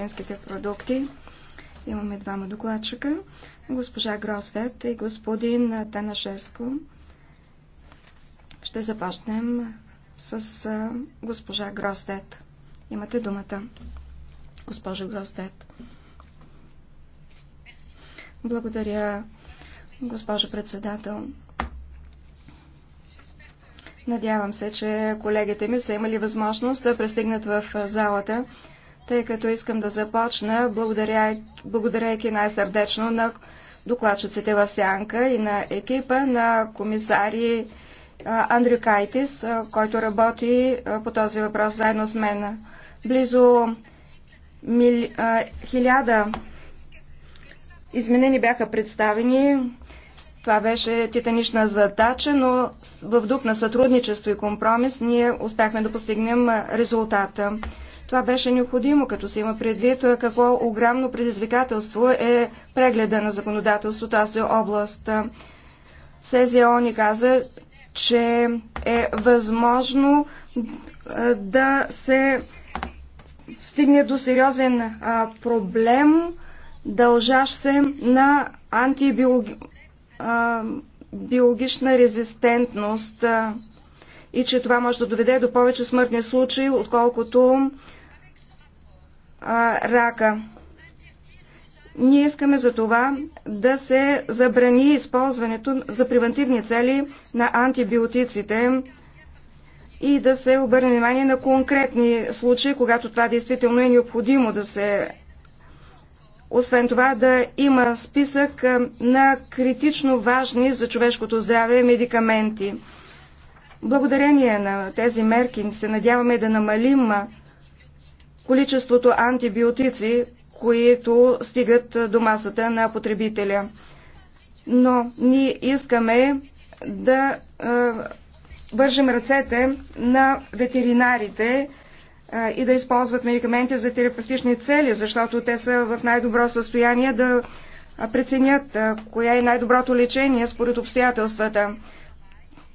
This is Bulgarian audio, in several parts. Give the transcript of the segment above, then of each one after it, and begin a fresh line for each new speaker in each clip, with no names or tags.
медицинските продукти. Имаме двама докладчика, госпожа Гросвет и господин Танашеско. Ще започнем с госпожа Гросвет. Имате думата, госпожа Гросвет. Благодаря, госпожо председател. Надявам се, че колегите ми са имали възможност да пристигнат в залата тъй като искам да започна благодаряйки най-сърдечно на докладчиците в Сянка и на екипа на комисари Андрю Кайтис, който работи по този въпрос заедно с мен. Близо мили... хиляда изменени бяха представени. Това беше титанична задача, но в дух на сътрудничество и компромис ние успяхме да постигнем резултата. Това беше необходимо, като се има предвид какво огромно предизвикателство е прегледа на законодателството тази област. СЗО ни каза, че е възможно да се стигне до сериозен проблем, дължащ се на антибиологична резистентност и че това може да доведе до повече смъртни случаи, отколкото а, рака. Ние искаме за това да се забрани използването за превентивни цели на антибиотиците и да се обърне внимание на конкретни случаи, когато това действително е необходимо да се освен това да има списък на критично важни за човешкото здраве медикаменти. Благодарение на тези мерки се надяваме да намалим количеството антибиотици, които стигат до масата на потребителя. Но ние искаме да вържем ръцете на ветеринарите и да използват медикаменти за терапевтични цели, защото те са в най-добро състояние да преценят коя е най-доброто лечение според обстоятелствата.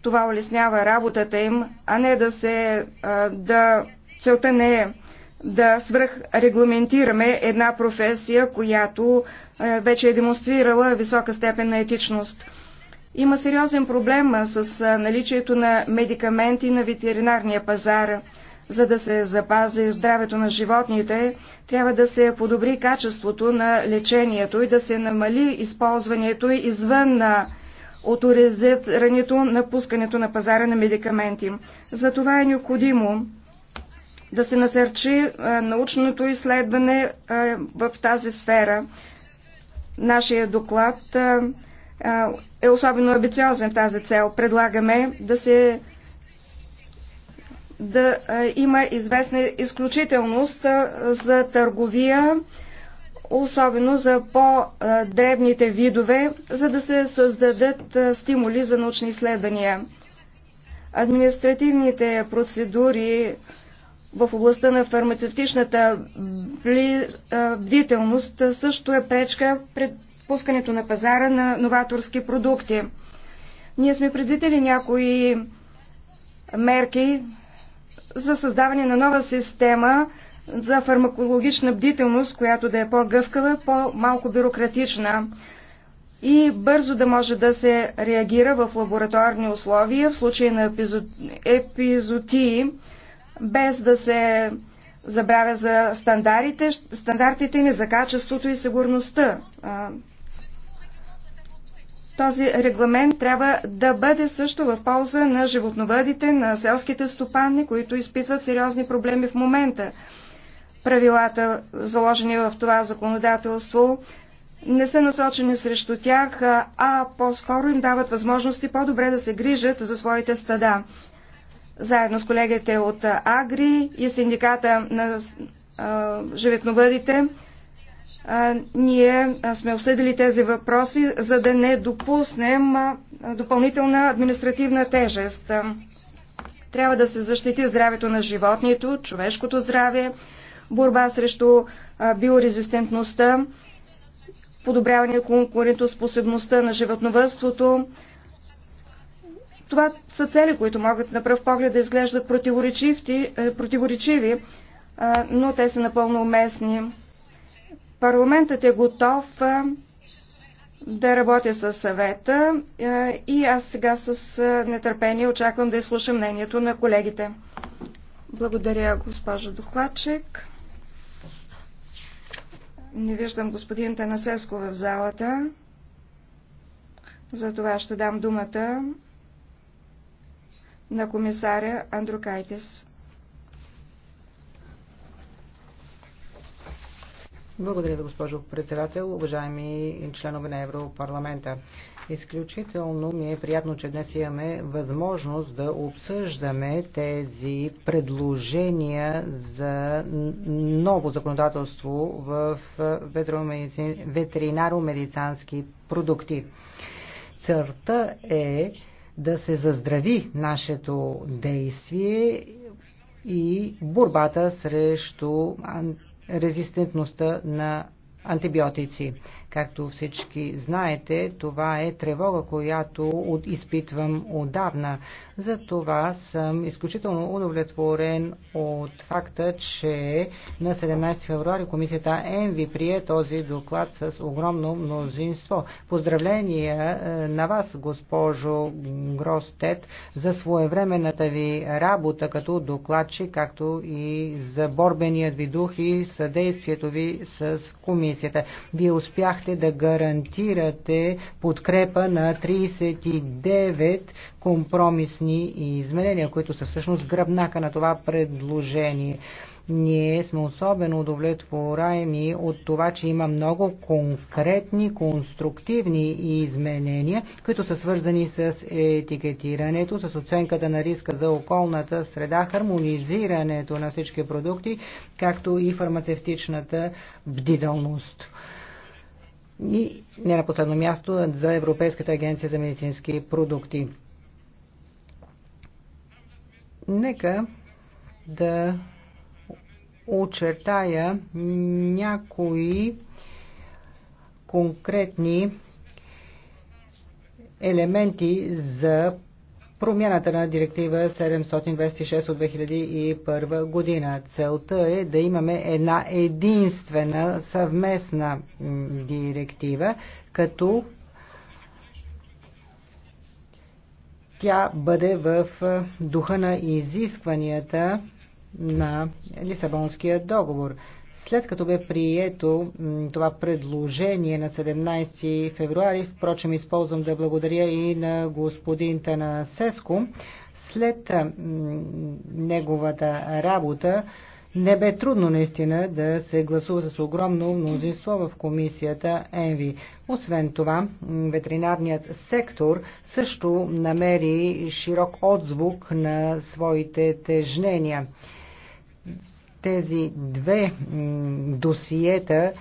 Това улеснява работата им, а не да се... да целта не е да свръхрегламентираме една професия, която е, вече е демонстрирала висока степен на етичност. Има сериозен проблем с наличието на медикаменти на ветеринарния пазар. За да се запази здравето на животните, трябва да се подобри качеството на лечението и да се намали използването извън на оторизирането на пускането на пазара на медикаменти. За това е необходимо да се насърчи е, научното изследване е, в тази сфера. Нашия доклад е, е особено амбициозен в тази цел. Предлагаме да се да има известна изключителност за търговия, особено за по-дребните видове, за да се създадат стимули за научни изследвания. Административните процедури в областта на фармацевтичната бдителност също е пречка пред пускането на пазара на новаторски продукти. Ние сме предвидели някои мерки за създаване на нова система за фармакологична бдителност, която да е по-гъвкава, по-малко бюрократична и бързо да може да се реагира в лабораторни условия в случай на епизотии, без да се забравя за стандартите, стандартите ни за качеството и сигурността. Този регламент трябва да бъде също в полза на животновъдите, на селските стопани, които изпитват сериозни проблеми в момента. Правилата, заложени в това законодателство, не са насочени срещу тях, а по-скоро им дават възможности по-добре да се грижат за своите стада заедно с колегите от Агри и синдиката на животновъдите, ние сме обсъдили тези въпроси, за да не допуснем допълнителна административна тежест. Трябва да се защити здравето на животните, човешкото здраве, борба срещу биорезистентността, подобряване на конкурентоспособността на животновътството, това са цели, които могат на пръв поглед да изглеждат е, противоречиви, но те са напълно уместни. Парламентът е готов да работя със съвета и аз сега с нетърпение очаквам да изслушам мнението на колегите. Благодаря, госпожо Докладчик. Не виждам господин Танасеско в залата. За това ще дам думата на комисаря Андрукайтес.
Благодаря ви, госпожо председател, уважаеми членове на Европарламента. Изключително ми е приятно, че днес имаме възможност да обсъждаме тези предложения за ново законодателство в ветеринаро-медицински продукти. Църта е да се заздрави нашето действие и борбата срещу резистентността на антибиотици. Както всички знаете, това е тревога, която изпитвам отдавна. За това съм изключително удовлетворен от факта, че на 17 февруари комисията ЕМВИ прие този доклад с огромно мнозинство. Поздравления е, на вас, госпожо Гростет, за своевременната ви работа като докладчик, както и за борбеният ви дух и съдействието ви с комисията. Вие успяхте успяхте да гарантирате подкрепа на 39 компромисни изменения, които са всъщност гръбнака на това предложение. Ние сме особено удовлетворени от това, че има много конкретни, конструктивни изменения, които са свързани с етикетирането, с оценката на риска за околната среда, хармонизирането на всички продукти, както и фармацевтичната бдителност. И не на последно място за Европейската агенция за медицински продукти. Нека да очертая някои конкретни елементи за промяната на директива 726 от 2001 година. Целта е да имаме една единствена съвместна директива, като тя бъде в духа на изискванията на Лисабонския договор. След като бе прието това предложение на 17 февруари, впрочем използвам да благодаря и на господин Сеско, след неговата работа не бе трудно наистина да се гласува с огромно мнозинство в комисията ЕНВИ. Освен това, ветеринарният сектор също намери широк отзвук на своите тежнения. Тези две досиета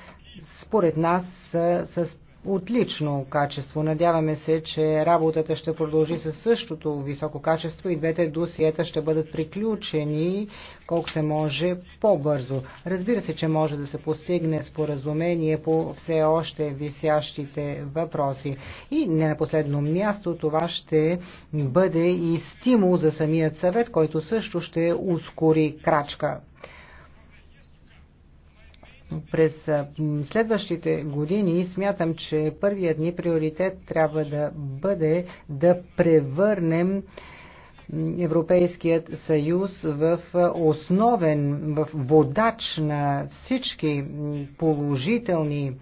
според нас са с отлично качество. Надяваме се, че работата ще продължи със същото високо качество и двете досиета ще бъдат приключени колко се може по-бързо. Разбира се, че може да се постигне споразумение по все още висящите въпроси. И не на последно място това ще бъде и стимул за самият съвет, който също ще ускори крачка. През следващите години смятам, че първият ни приоритет трябва да бъде да превърнем Европейският съюз в основен, в водач на всички положителни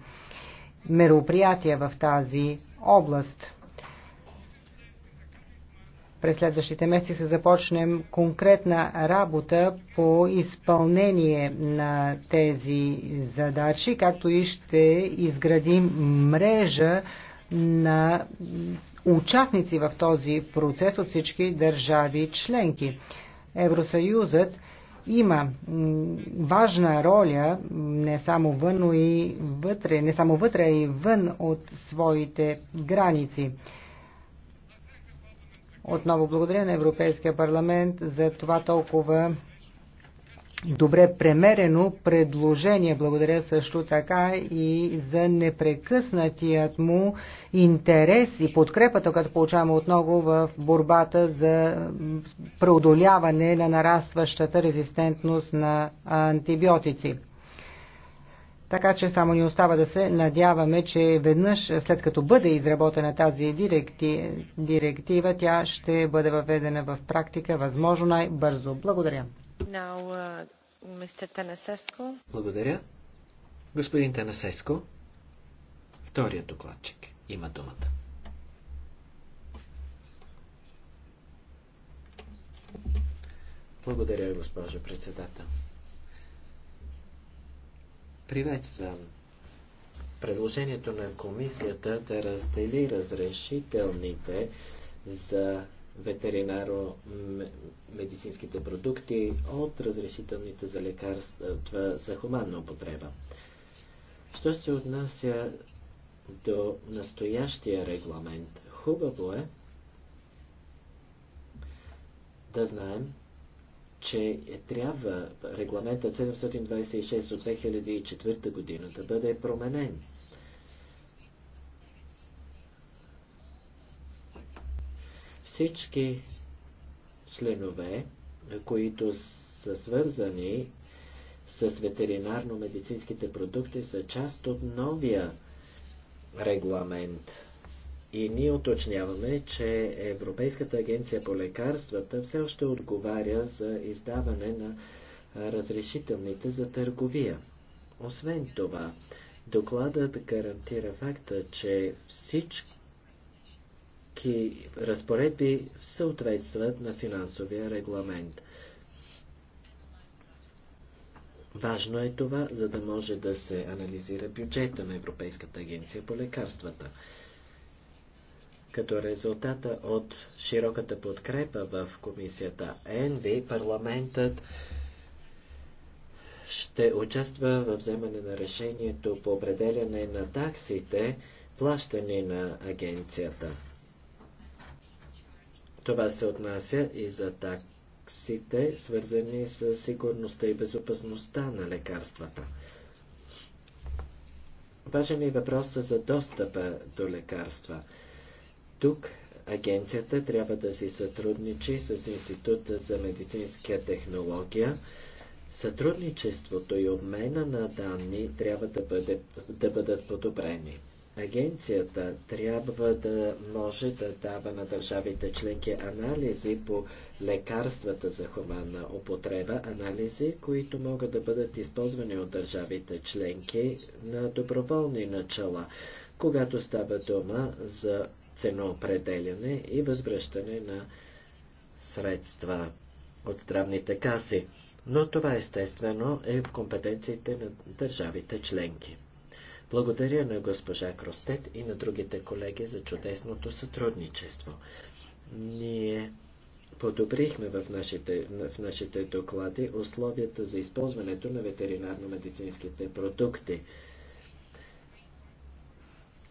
мероприятия в тази област през следващите месеци ще започнем конкретна работа по изпълнение на тези задачи, както и ще изградим мрежа на участници в този процес от всички държави членки. Евросъюзът има важна роля не само вън, но и вътре, не само вътре, а и вън от своите граници. Отново благодаря на Европейския парламент за това толкова добре премерено предложение. Благодаря също така и за непрекъснатият му интерес и подкрепата, като получаваме отново в борбата за преодоляване на нарастващата резистентност на антибиотици. Така че само ни остава да се надяваме, че веднъж след като бъде изработена тази директи... директива, тя ще бъде въведена в практика възможно най-бързо. Благодаря.
Now, uh, Благодаря. Господин Танасеско, вторият докладчик, има думата. Благодаря, госпожо председател. Приветствам предложението на комисията да раздели разрешителните за ветеринаро-медицинските продукти от разрешителните за лекарства за хуманна употреба. Що се отнася до настоящия регламент, хубаво е да знаем, че е трябва регламентът 726 от 2004 година да бъде променен. Всички членове, които са свързани с ветеринарно-медицинските продукти, са част от новия регламент и ние уточняваме, че Европейската агенция по лекарствата все още отговаря за издаване на разрешителните за търговия. Освен това, докладът гарантира факта, че всички разпоредби съответстват на финансовия регламент. Важно е това, за да може да се анализира бюджета на Европейската агенция по лекарствата. Като резултата от широката подкрепа в комисията НВ, парламентът ще участва в вземане на решението по определяне на таксите, плащани на агенцията. Това се отнася и за таксите, свързани с сигурността и безопасността на лекарствата. Важен е въпросът за достъпа до лекарства. Тук агенцията трябва да си сътрудничи с Института за медицинска технология. Сътрудничеството и обмена на данни трябва да, бъде, да бъдат подобрени. Агенцията трябва да може да дава на държавите членки анализи по лекарствата за хуманна употреба, анализи, които могат да бъдат използвани от държавите членки на доброволни начала, когато става дума за ценоопределяне и възвръщане на средства от здравните каси, но това естествено е в компетенциите на държавите членки. Благодаря на госпожа Кростет и на другите колеги за чудесното сътрудничество. Ние подобрихме в нашите, в нашите доклади условията за използването на ветеринарно-медицинските продукти.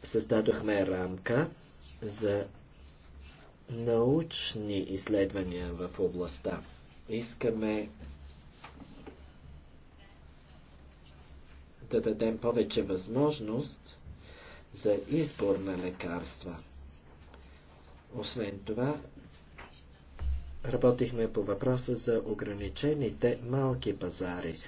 Създадохме рамка за научни изследвания в областта. Искаме да дадем повече възможност за избор на лекарства. Освен това, работихме по въпроса за ограничените малки пазари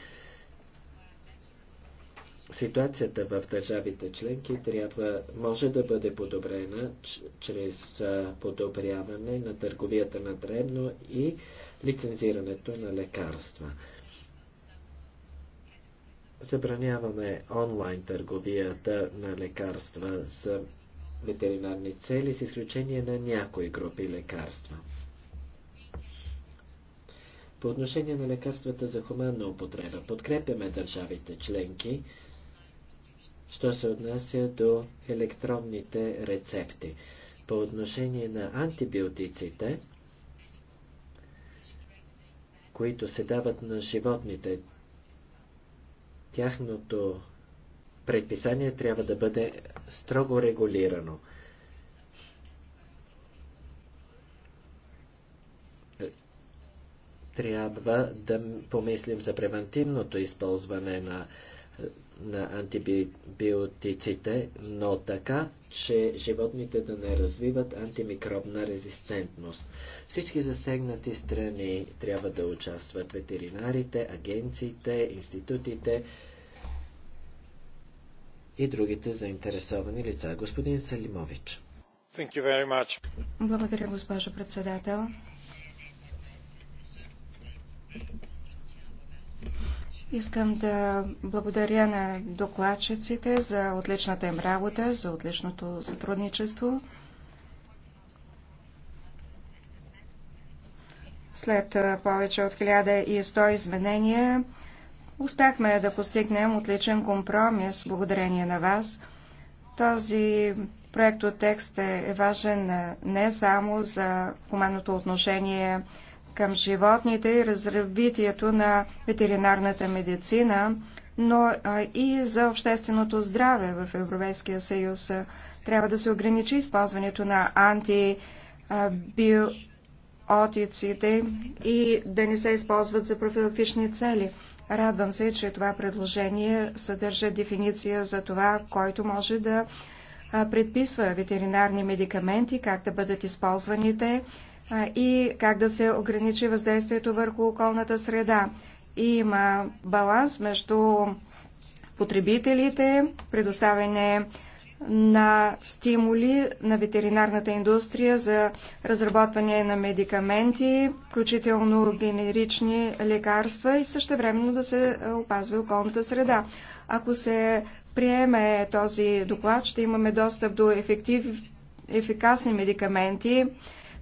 ситуацията в държавите членки трябва, може да бъде подобрена чрез подобряване на търговията на дребно и лицензирането на лекарства. Забраняваме онлайн търговията на лекарства за ветеринарни цели с изключение на някои групи лекарства. По отношение на лекарствата за хуманна употреба, подкрепяме държавите членки, що се отнася до електронните рецепти. По отношение на антибиотиците, които се дават на животните, тяхното предписание трябва да бъде строго регулирано. Трябва да помислим за превентивното използване на на антибиотиците, но така, че животните да не развиват антимикробна резистентност. Всички засегнати страни трябва да участват ветеринарите, агенциите, институтите и другите заинтересовани лица. Господин Салимович.
Благодаря, госпожо председател. Искам да благодаря на докладчиците за отличната им работа, за отличното сътрудничество. След повече от 1100 изменения успяхме да постигнем отличен компромис благодарение на вас. Този проект от текст е важен не само за хуманното отношение към животните и развитието на ветеринарната медицина, но и за общественото здраве в Европейския съюз. Трябва да се ограничи използването на антибиотиците и да не се използват за профилактични цели. Радвам се, че това предложение съдържа дефиниция за това, който може да предписва ветеринарни медикаменти, как да бъдат използваните, и как да се ограничи въздействието върху околната среда. И има баланс между потребителите, предоставяне на стимули на ветеринарната индустрия за разработване на медикаменти, включително генерични лекарства и също времено да се опазва околната среда. Ако се приеме този доклад, ще имаме достъп до ефектив, ефикасни медикаменти,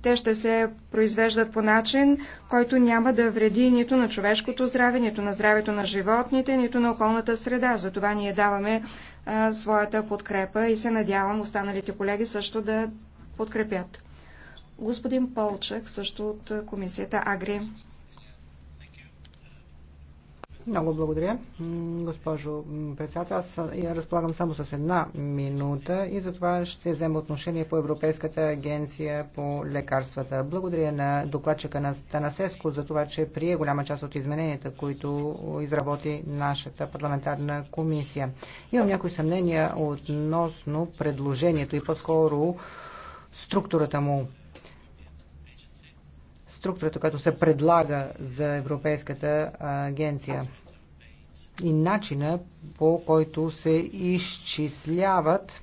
те ще се произвеждат по начин, който няма да вреди нито на човешкото здраве, нито на здравето на животните, нито на околната среда. Затова ние даваме а, своята подкрепа и се надявам останалите колеги също да подкрепят. Господин Полчък, също от комисията Агри.
Много благодаря, госпожо председател. Аз я разполагам само с една минута и затова ще взема отношение по Европейската агенция по лекарствата. Благодаря на докладчика на Танасеско за това, че прие голяма част от измененията, които изработи нашата парламентарна комисия. Имам някои съмнения относно предложението и по-скоро структурата му структурата, която се предлага за Европейската агенция и начина по който се изчисляват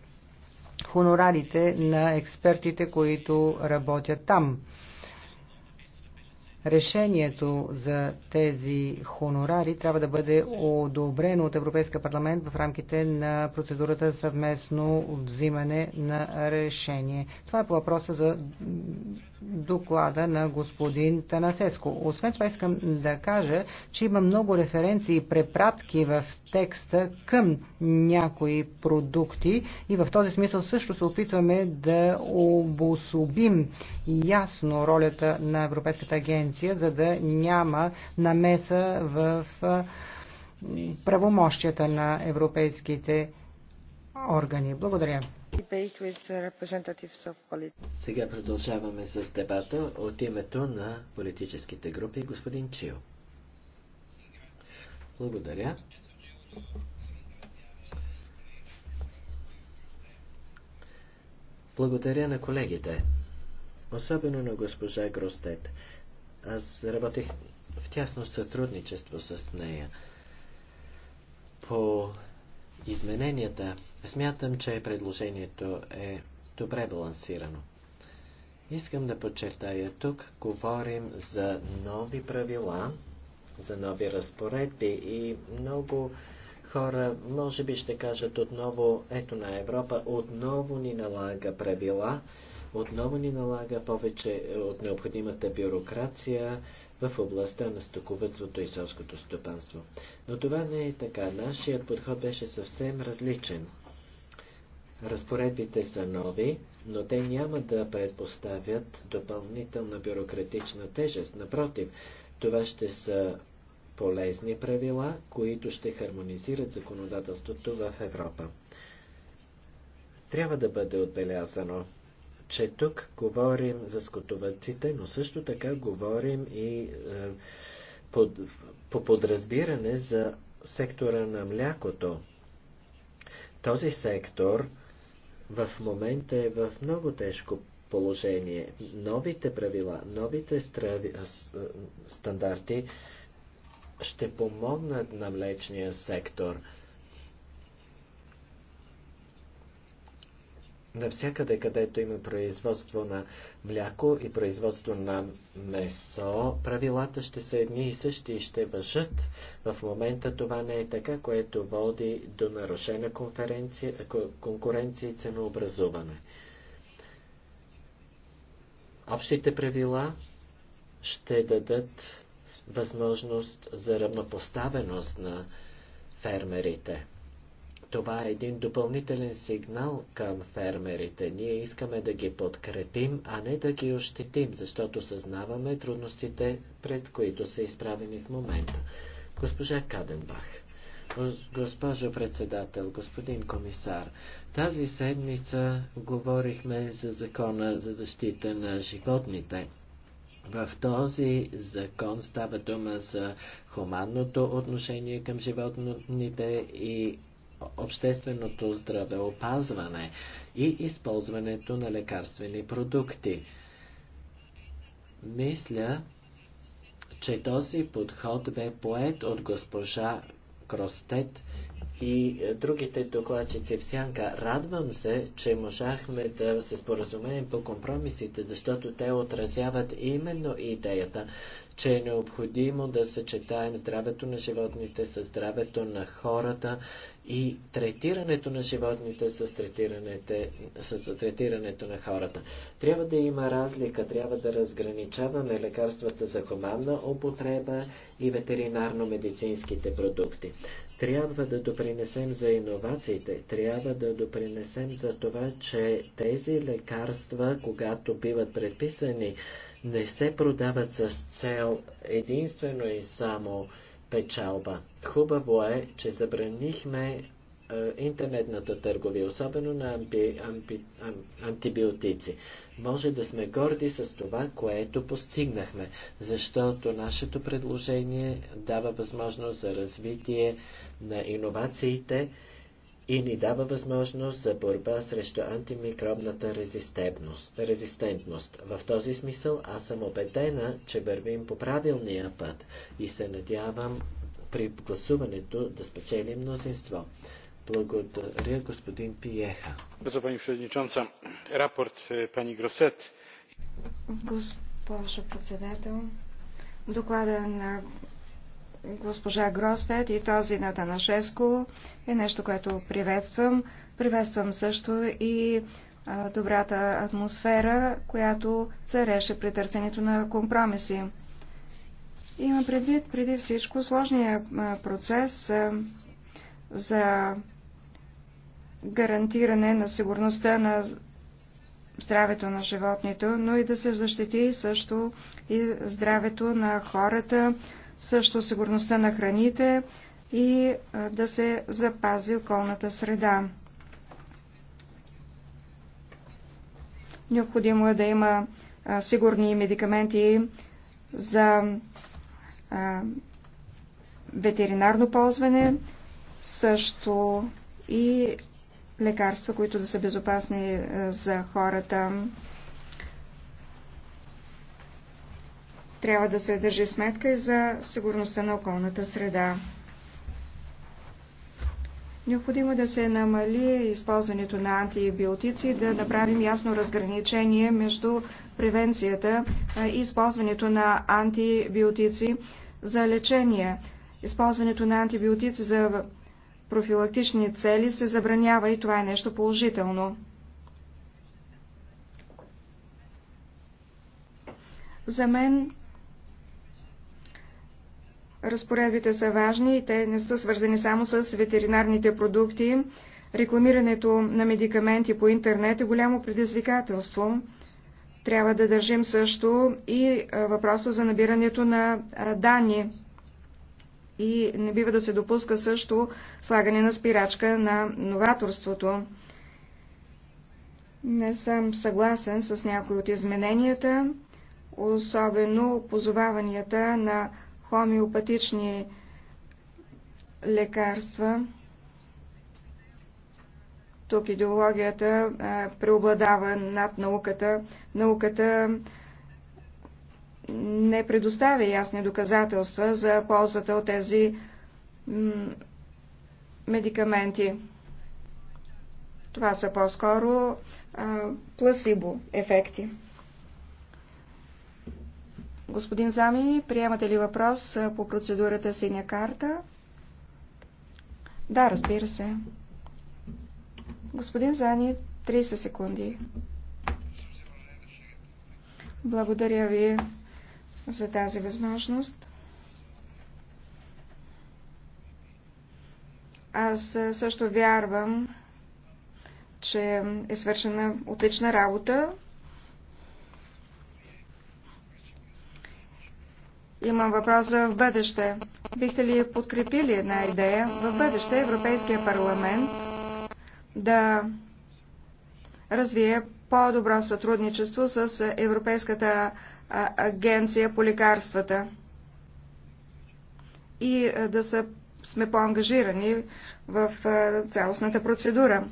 хонорарите на експертите, които работят там. Решението за тези хонорари трябва да бъде одобрено от Европейска парламент в рамките на процедурата съвместно взимане на решение. Това е по въпроса за доклада на господин Танасеско. Освен това искам да кажа, че има много референции и препратки в текста към някои продукти и в този смисъл също се опитваме да обособим ясно ролята на Европейската агенция, за да няма намеса в правомощията на европейските органи. Благодаря.
Сега продължаваме с дебата от името на политическите групи. Господин Чио. Благодаря. Благодаря на колегите, особено на госпожа Гростет. Аз работих в тясно сътрудничество с нея по измененията Смятам, че предложението е добре балансирано. Искам да подчертая тук, говорим за нови правила, за нови разпоредби и много хора може би ще кажат отново, ето на Европа, отново ни налага правила, отново ни налага повече е, от необходимата бюрокрация в областта на стоковътството и селското стопанство. Но това не е така. Нашият подход беше съвсем различен. Разпоредбите са нови, но те няма да предпоставят допълнителна бюрократична тежест. Напротив, това ще са полезни правила, които ще хармонизират законодателството в Европа. Трябва да бъде отбелязано, че тук говорим за скотовъците, но също така говорим и е, под, по подразбиране за сектора на млякото. Този сектор в момента е в много тежко положение. Новите правила, новите страви, стандарти ще помогнат на млечния сектор – навсякъде, където има производство на мляко и производство на месо, правилата ще са едни и същи и ще въжат. В момента това не е така, което води до нарушена конкуренция и ценообразуване. Общите правила ще дадат възможност за равнопоставеност на фермерите. Това е един допълнителен сигнал към фермерите. Ние искаме да ги подкрепим, а не да ги ощетим, защото съзнаваме трудностите, пред които са изправени в момента. Госпожа Каденбах. Госпожо председател, господин комисар, тази седмица говорихме за закона за защита на животните. В този закон става дума за хуманното отношение към животните и общественото здравеопазване и използването на лекарствени продукти. Мисля, че този подход бе поет от госпожа Кростет и другите докладчици в сянка. Радвам се, че можахме да се споразумеем по компромисите, защото те отразяват именно идеята че е необходимо да съчетаем здравето на животните с здравето на хората и третирането на животните с, с третирането на хората. Трябва да има разлика, трябва да разграничаваме лекарствата за хуманна употреба и ветеринарно-медицинските продукти. Трябва да допринесем за иновациите, трябва да допринесем за това, че тези лекарства, когато биват предписани, не се продават с цел единствено и само печалба. Хубаво е, че забранихме е, интернетната търговия, особено на амби, амби, ам, антибиотици. Може да сме горди с това, което постигнахме, защото нашето предложение дава възможност за развитие на иновациите и ни дава възможност за борба срещу антимикробната резистентност. В този смисъл аз съм убедена, че вървим по правилния път и се надявам при гласуването да спечели мнозинство. Благодаря, господин Пиеха.
Госпожо е, председател, доклада на госпожа Гростет и този на Танашеско е нещо, което приветствам. Приветствам също и добрата атмосфера, която цареше при търсенето на компромиси. Има предвид преди всичко сложния процес за гарантиране на сигурността на здравето на животните, но и да се защити също и здравето на хората, също сигурността на храните и да се запази околната среда. Необходимо е да има сигурни медикаменти за ветеринарно ползване, също и лекарства, които да са безопасни за хората. трябва да се държи сметка и за сигурността на околната среда. Необходимо е да се намали използването на антибиотици, да направим ясно разграничение между превенцията и използването на антибиотици за лечение. Използването на антибиотици за профилактични цели се забранява и това е нещо положително. За мен Разпоредбите са важни и те не са свързани само с ветеринарните продукти. Рекламирането на медикаменти по интернет е голямо предизвикателство. Трябва да държим също и въпроса за набирането на данни. И не бива да се допуска също слагане на спирачка на новаторството. Не съм съгласен с някои от измененията, особено позоваванията на хомеопатични лекарства. Тук идеологията преобладава над науката. Науката не предоставя ясни доказателства за ползата от тези медикаменти. Това са по-скоро пласибо ефекти. Господин Зами, приемате ли въпрос по процедурата синя карта? Да, разбира се. Господин Зани, 30 секунди. Благодаря ви за тази възможност. Аз също вярвам, че е свършена отлична работа Имам въпрос за в бъдеще. Бихте ли подкрепили една идея в бъдеще Европейския парламент да развие по-добро сътрудничество с Европейската агенция по лекарствата и да са, сме по-ангажирани в цялостната процедура.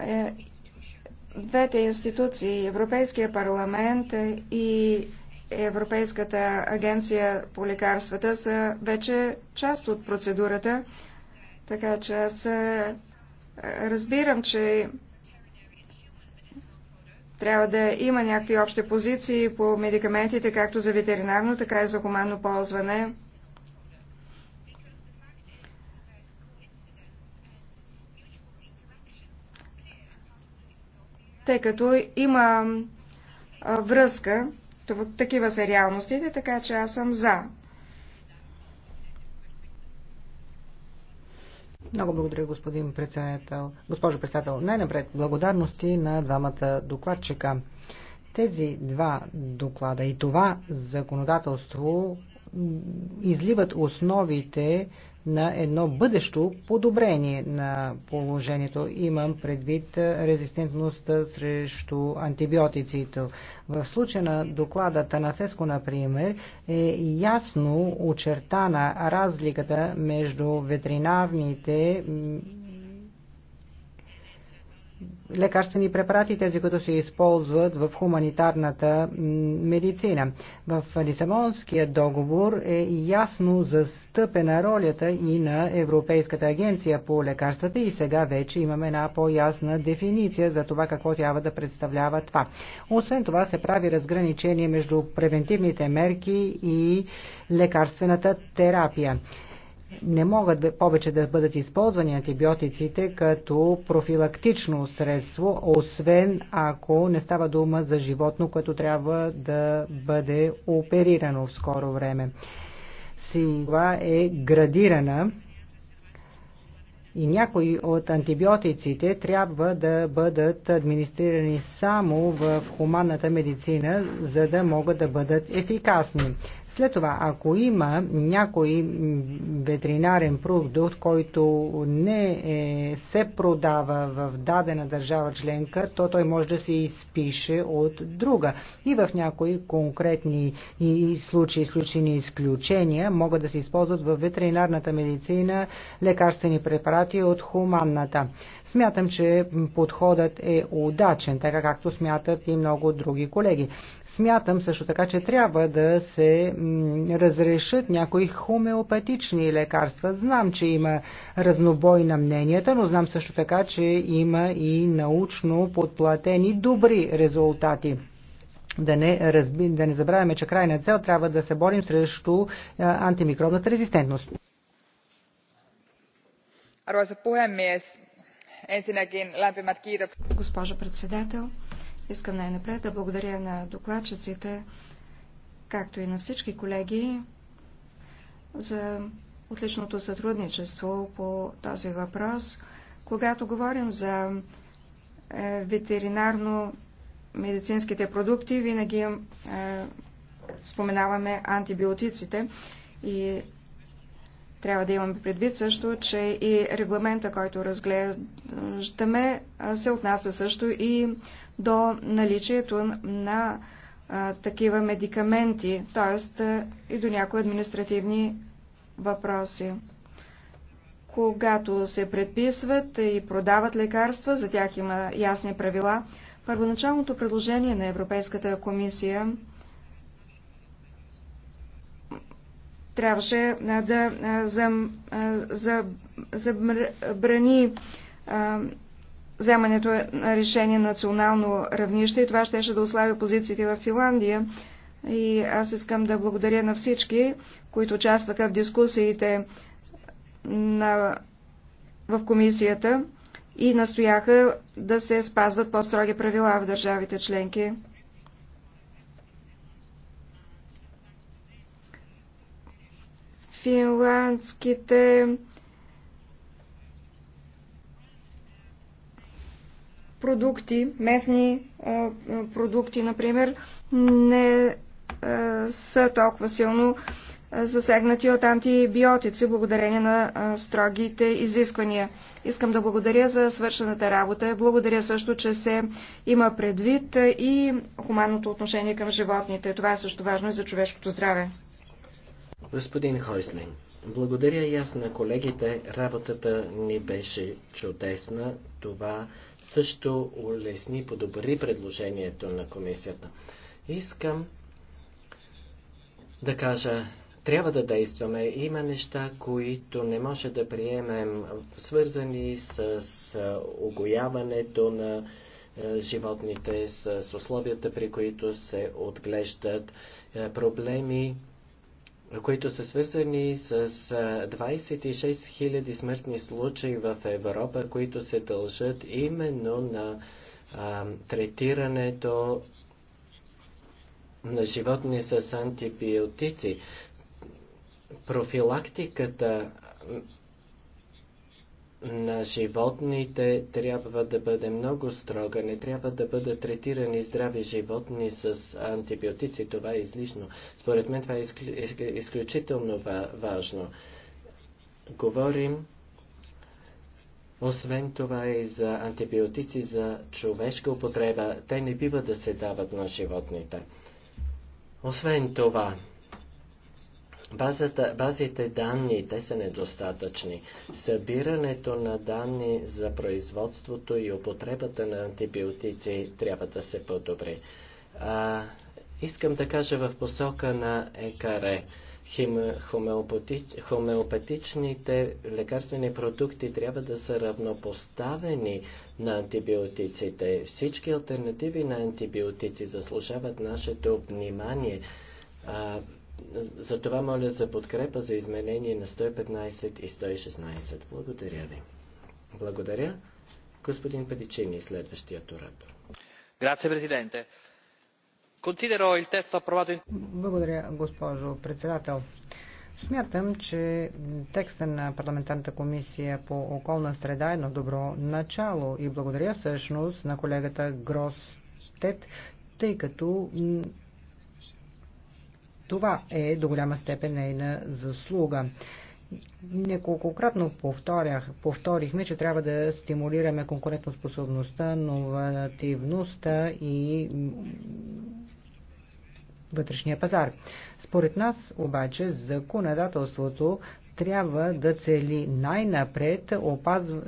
Е, двете институции, Европейския парламент е, и Европейската агенция по лекарствата са вече част от процедурата, така че аз е, разбирам, че трябва да има някакви общи позиции по медикаментите, както за ветеринарно, така и за хуманно ползване. Тъй като има връзка това, такива са реалностите, така че аз съм за. Много благодаря,
господин председател. Госпожо председател, най-напред благодарности на двамата докладчика. Тези два доклада и това законодателство изливат основите на едно бъдещо подобрение на положението. Имам предвид резистентността срещу антибиотиците. В случая на доклада Танасеско, например, е ясно очертана разликата между ветеринарните лекарствени препарати, тези, които се използват в хуманитарната медицина. В Лисабонския договор е ясно застъпена ролята и на Европейската агенция по лекарствата и сега вече имаме една по-ясна дефиниция за това какво трябва да представлява това. Освен това се прави разграничение между превентивните мерки и лекарствената терапия не могат повече да бъдат използвани антибиотиците като профилактично средство, освен ако не става дума за животно, което трябва да бъде оперирано в скоро време. Това е градирана и някои от антибиотиците трябва да бъдат администрирани само в хуманната медицина, за да могат да бъдат ефикасни. След това, ако има някой ветеринарен продукт, който не е, се продава в дадена държава членка, то той може да се изпише от друга. И в някои конкретни и случаи, изключени изключения, могат да се използват в ветеринарната медицина лекарствени препарати от хуманната. Смятам, че подходът е удачен, така както смятат и много други колеги. Смятам също така, че трябва да се разрешат някои хомеопатични лекарства. Знам, че има разнобой на мненията, но знам също така, че има и научно подплатени добри резултати. Да не, разби, да не забравяме, че крайна цел трябва да се борим срещу антимикробната резистентност.
Arvoisa puhemies, Госпожо председател, искам най-напред да благодаря на докладчиците, както и на всички колеги, за отличното сътрудничество по този въпрос. Когато говорим за е, ветеринарно-медицинските продукти, винаги е, споменаваме антибиотиците и трябва да имаме предвид също, че и регламента, който разглеждаме, се отнася също и до наличието на такива медикаменти, т.е. и до някои административни въпроси. Когато се предписват и продават лекарства, за тях има ясни правила. Първоначалното предложение на Европейската комисия трябваше да забрани вземането на решение на национално равнище и това щеше да ослаби позициите в Финландия. И аз искам да благодаря на всички, които участваха в дискусиите на, в комисията и настояха да се спазват по-строги правила в държавите членки. финландските продукти, местни продукти, например, не са толкова силно засегнати от антибиотици благодарение на строгите изисквания. Искам да благодаря за свършената работа. Благодаря също, че се има предвид и хуманното отношение към животните. Това е също важно и за човешкото здраве.
Господин Хойслин, благодаря и аз на колегите. Работата ни беше чудесна. Това също улесни, подобри предложението на комисията. Искам да кажа, трябва да действаме. Има неща, които не може да приемем, свързани с огояването на животните, с условията, при които се отглеждат проблеми които са свързани с 26 000 смъртни случаи в Европа, които се дължат именно на а, третирането на животни с антибиотици. Профилактиката на животните трябва да бъде много строга. Не трябва да бъдат третирани здрави животни с антибиотици. Това е излишно. Според мен това е изключително важно. Говорим освен това и за антибиотици за човешка употреба. Те не бива да се дават на животните. Освен това, Базата, базите данни, те са недостатъчни. Събирането на данни за производството и употребата на антибиотици трябва да се подобри. А, искам да кажа в посока на ЕКАРЕ. хомеопатичните лекарствени продукти трябва да са равнопоставени на антибиотиците. Всички альтернативи на антибиотици заслужават нашето внимание. А, за това моля за подкрепа за изменение на 115 и 116. Благодаря ви. Благодаря. Господин Педичини, е следващият оратор. Грация, президенте. Консидеро и тесто апровато...
Благодаря, госпожо председател. Смятам, че текста на парламентарната комисия по околна среда е на добро начало и благодаря всъщност на колегата Гростет, тъй като това е до голяма степен нейна заслуга. Неколкократно повторях, повторихме, че трябва да стимулираме конкурентоспособността, новативността и вътрешния пазар. Според нас обаче законодателството трябва да цели най-напред опазв...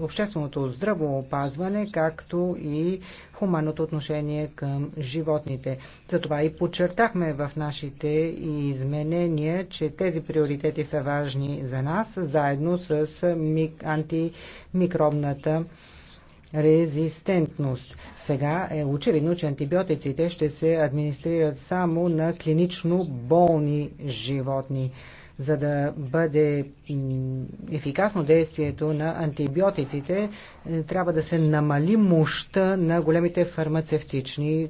общественото здраво опазване, както и хуманното отношение към животните. Затова и подчертахме в нашите изменения, че тези приоритети са важни за нас, заедно с антимикробната резистентност. Сега е очевидно, че антибиотиците ще се администрират само на клинично болни животни. За да бъде ефикасно действието на антибиотиците, е, трябва да се намали мощта на големите фармацевтични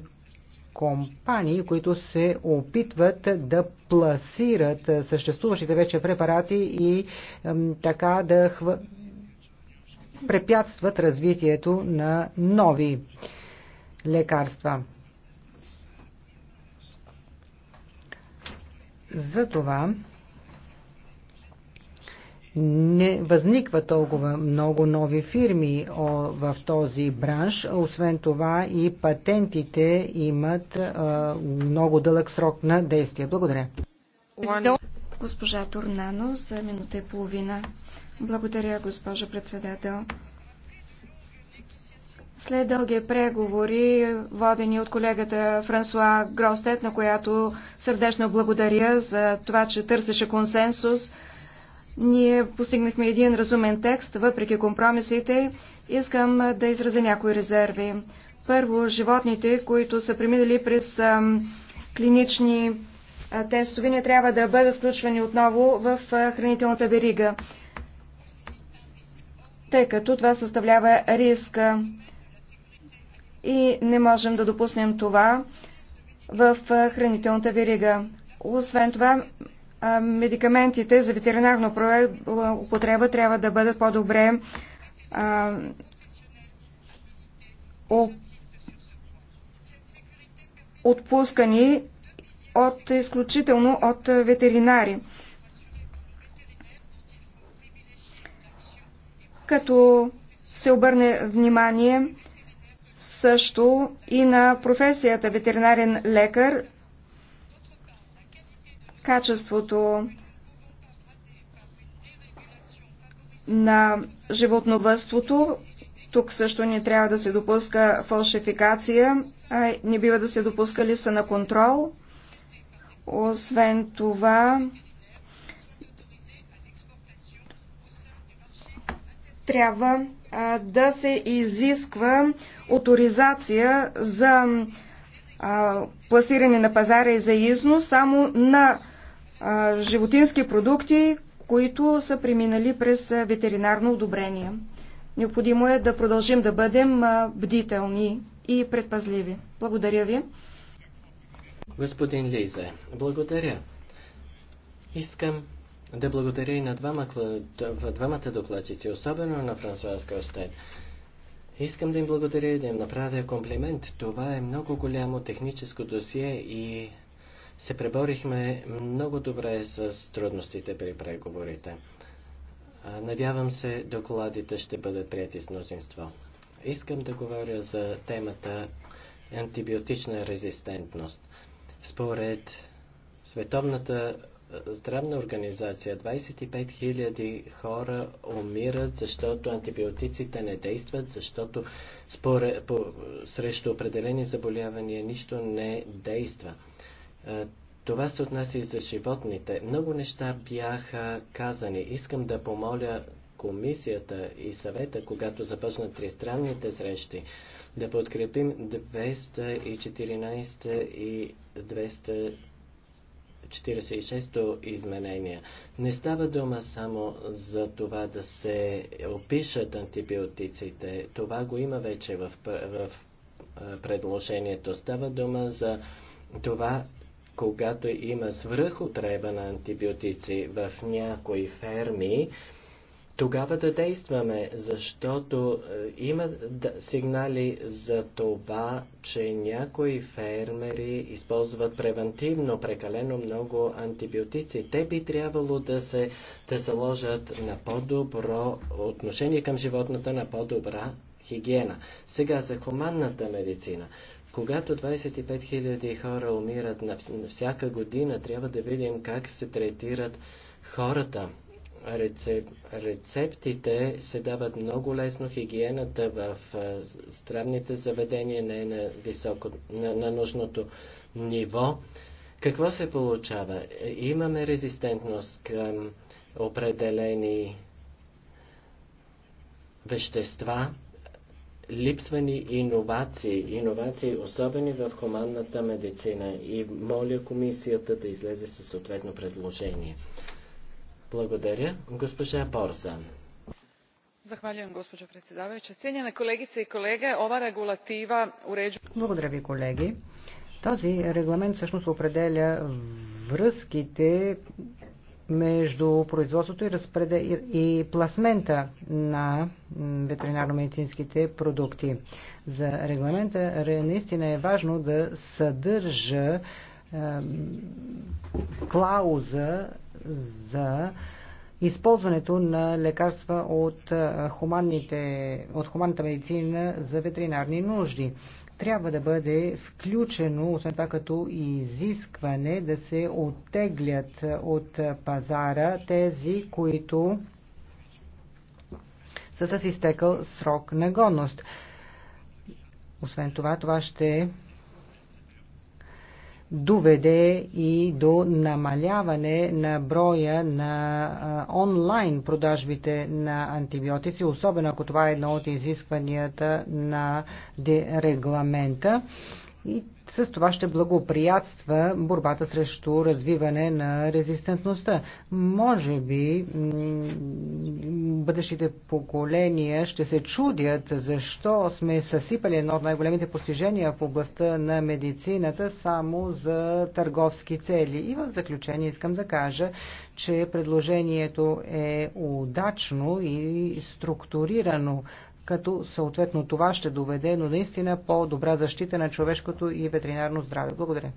компании, които се опитват да пласират е, съществуващите вече препарати и така да хва... препятстват развитието на нови лекарства. Затова не възниква толкова много нови фирми в този бранш. Освен това и патентите имат много дълъг срок на действие. Благодаря.
Госпожа Турнано за минута и половина. Благодаря, госпожа председател. След дълги преговори, водени от колегата Франсуа Гростет, на която сърдечно благодаря за това, че търсеше консенсус, ние постигнахме един разумен текст, въпреки компромисите. Искам да изразя някои резерви. Първо, животните, които са преминали през клинични тестове, не трябва да бъдат включвани отново в хранителната верига, тъй като това съставлява риска и не можем да допуснем това в хранителната верига. Освен това, медикаментите за ветеринарно употреба трябва да бъдат по-добре отпускани от, изключително от ветеринари. Като се обърне внимание също и на професията ветеринарен лекар, качеството на животновътството. Тук също не трябва да се допуска фалшификация, а не бива да се допуска липса на контрол. Освен това, трябва да се изисква авторизация за а, пласиране на пазара и за износ само на животински продукти, които са преминали през ветеринарно одобрение. Необходимо е да продължим да бъдем бдителни и предпазливи. Благодаря ви.
Господин Лизе, благодаря. Искам да благодаря и на двама, двамата докладчици, особено на Франсуаска Костен. Искам да им благодаря и да им направя комплимент. Това е много голямо техническо досие и се преборихме много добре с трудностите при преговорите. Надявам се, докладите ще бъдат прияти с мнозинство. Искам да говоря за темата антибиотична резистентност. Според Световната здравна организация 25 000 хора умират, защото антибиотиците не действат, защото според, по, срещу определени заболявания нищо не действа. Е, това се отнася и за животните. Много неща бяха казани. Искам да помоля комисията и съвета, когато започнат тристранните срещи, да подкрепим 214 и 246 изменения. Не става дума само за това да се опишат антибиотиците. Това го има вече в, в предложението. Става дума за това когато има свръхотреба на антибиотици в някои ферми, тогава да действаме, защото е, има сигнали за това, че някои фермери използват превентивно прекалено много антибиотици. Те би трябвало да се да заложат на по-добро отношение към животната, на по-добра хигиена. Сега за хуманната медицина. Когато 25 000 хора умират на всяка година, трябва да видим как се третират хората. Рецеп... Рецептите се дават много лесно. Хигиената в здравните заведения не е на, високо, на, на нужното ниво. Какво се получава? Имаме резистентност към определени вещества, липсва ни иновации, иновации особено в хуманната медицина и моля комисията да излезе със съответно предложение. Благодаря. Госпожа Борзан.
Zahvaljujem gospođo predsjedavajuća. Cijenjene kolegice i kolege, ova regulativa uređuje...
Благодаря ви, колеги. Този регламент всъщност определя връзките между производството и, разпреда... и пласмента на ветеринарно-медицинските продукти. За регламента наистина е важно да съдържа клауза за използването на лекарства от хуманните, от хуманната медицина за ветеринарни нужди трябва да бъде включено, освен това като изискване, да се оттеглят от пазара тези, които са с изтекал срок на годност. Освен това, това ще доведе и до намаляване на броя на онлайн продажбите на антибиотици, особено ако това е едно от изискванията на регламента. И с това ще благоприятства борбата срещу развиване на резистентността. Може би бъдещите поколения ще се чудят защо сме съсипали едно от най-големите постижения в областта на медицината само за търговски цели. И в заключение искам да кажа, че предложението е удачно и структурирано като съответно това ще доведе до наистина по-добра защита на човешкото и ветеринарно здраве. Благодаря.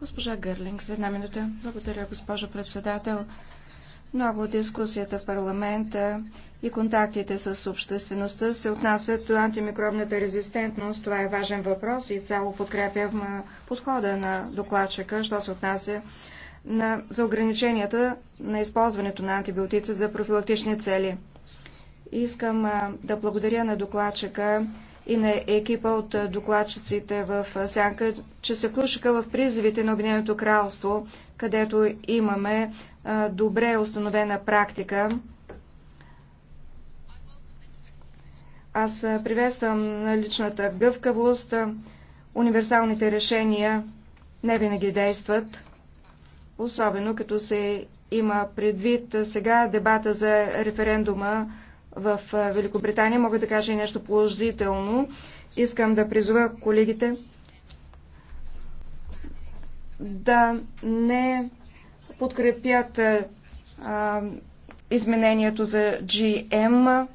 Госпожа Гърлинг, за една минута. Благодаря, госпожа председател. Много от дискусията в парламента и контактите с обществеността се отнасят до антимикробната резистентност. Това е важен въпрос и цяло подкрепям подхода на докладчика, що се отнася на, за ограниченията на използването на антибиотици за профилактични цели. Искам да благодаря на докладчика и на екипа от докладчиците в Сянка, че се включиха в призивите на Обединеното кралство, където имаме добре установена практика. Аз приветствам личната гъвкавост. Универсалните решения не винаги действат, особено като се има предвид сега дебата за референдума в Великобритания. Мога да кажа и нещо положително. Искам да призова колегите да не подкрепят а, изменението за GM.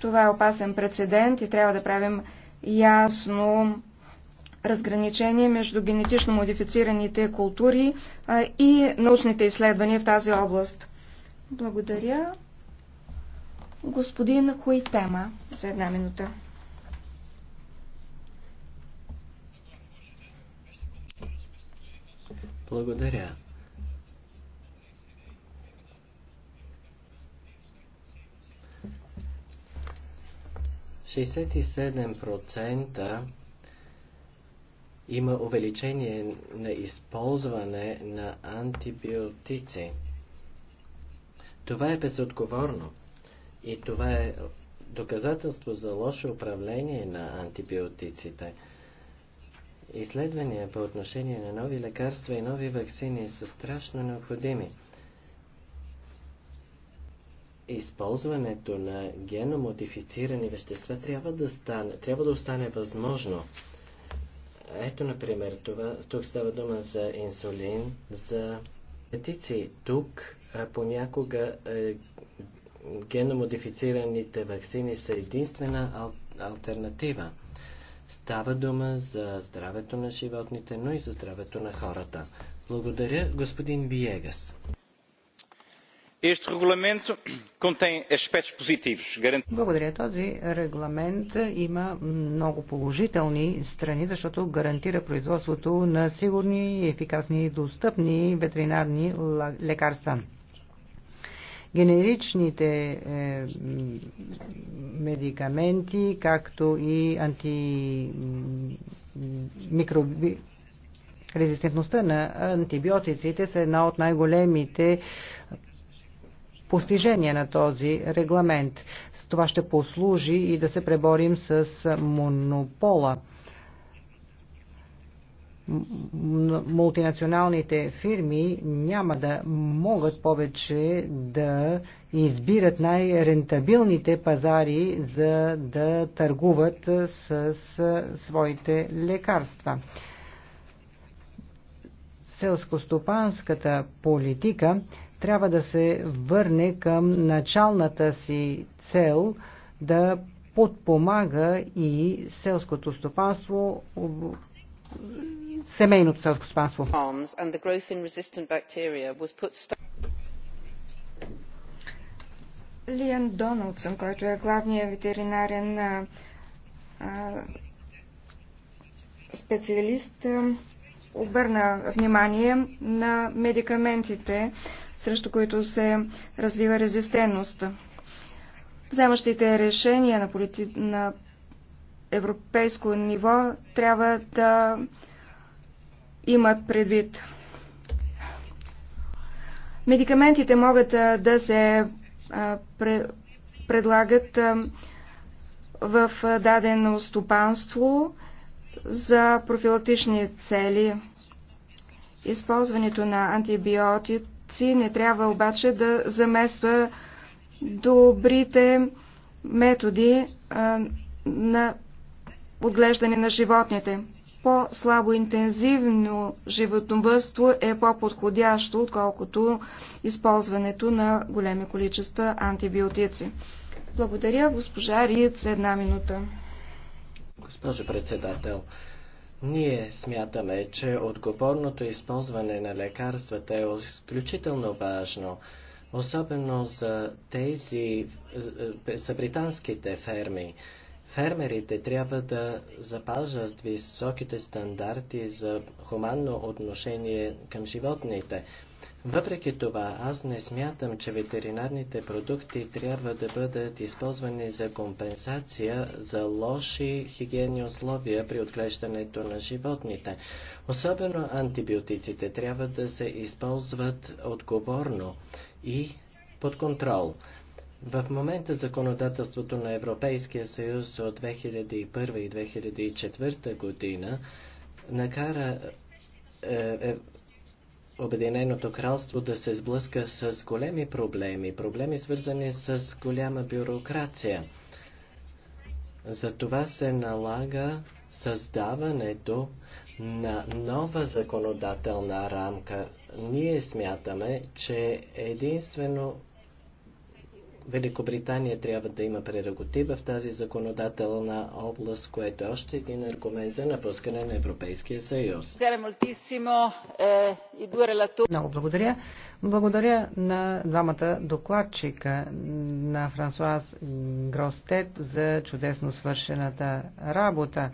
Това е опасен прецедент и трябва да правим ясно разграничение между генетично модифицираните култури а, и научните изследвания в тази област. Благодаря. Господин Хуитема за една минута.
Благодаря. Шестдесет и има увеличение на използване на антибиотици. Това е безотговорно. И това е доказателство за лошо управление на антибиотиците. Изследвания по отношение на нови лекарства и нови вакцини са страшно необходими. Използването на геномодифицирани вещества трябва да, стане, трябва да остане възможно. Ето, например, това, тук става дума за инсулин, за петици. Тук а, понякога е, геномодифицираните вакцини са единствена ал альтернатива. Става дума за здравето на животните, но и за здравето на хората. Благодаря, господин Виегас.
Благодаря. Този регламент има много положителни страни, защото гарантира производството на сигурни, ефикасни и достъпни ветеринарни лекарства генеричните е, медикаменти, както и антимикроби... резистентността на антибиотиците са една от най-големите постижения на този регламент. С това ще послужи и да се преборим с монопола мултинационалните фирми няма да могат повече да избират най-рентабилните пазари, за да търгуват с своите лекарства. Селскостопанската политика трябва да се върне към началната си цел да подпомага и селското стопанство семейното селско
Лиан Доналдсън, който е главният ветеринарен а, специалист, обърна внимание на медикаментите, срещу които се развива резистентност. Вземащите решения на, полити... на европейско ниво трябва да имат предвид. Медикаментите могат да се предлагат в дадено стопанство за профилактични цели. Използването на антибиотици не трябва обаче да замества добрите методи на отглеждане на животните. По-слабо интензивно животновътство е по-подходящо, отколкото използването на големи количества антибиотици. Благодаря, госпожа Риец, една минута.
Госпожо председател, ние смятаме, че отговорното използване на лекарствата е изключително важно, особено за тези, за британските ферми. Фермерите трябва да запазват високите стандарти за хуманно отношение към животните. Въпреки това, аз не смятам, че ветеринарните продукти трябва да бъдат използвани за компенсация за лоши хигиени условия при отглеждането на животните. Особено антибиотиците трябва да се използват отговорно и под контрол. В момента законодателството на Европейския съюз от 2001 и 2004 година накара е, е, Обединеното кралство да се сблъска с големи проблеми, проблеми свързани с голяма бюрокрация. Затова се налага създаването на нова законодателна рамка. Ние смятаме, че единствено Великобритания трябва да има прерогатива в тази законодателна област, което е още един аргумент за напускане на Европейския
съюз. Е, Много благодаря. Благодаря на двамата докладчика на Франсуаз Гростет за чудесно свършената работа.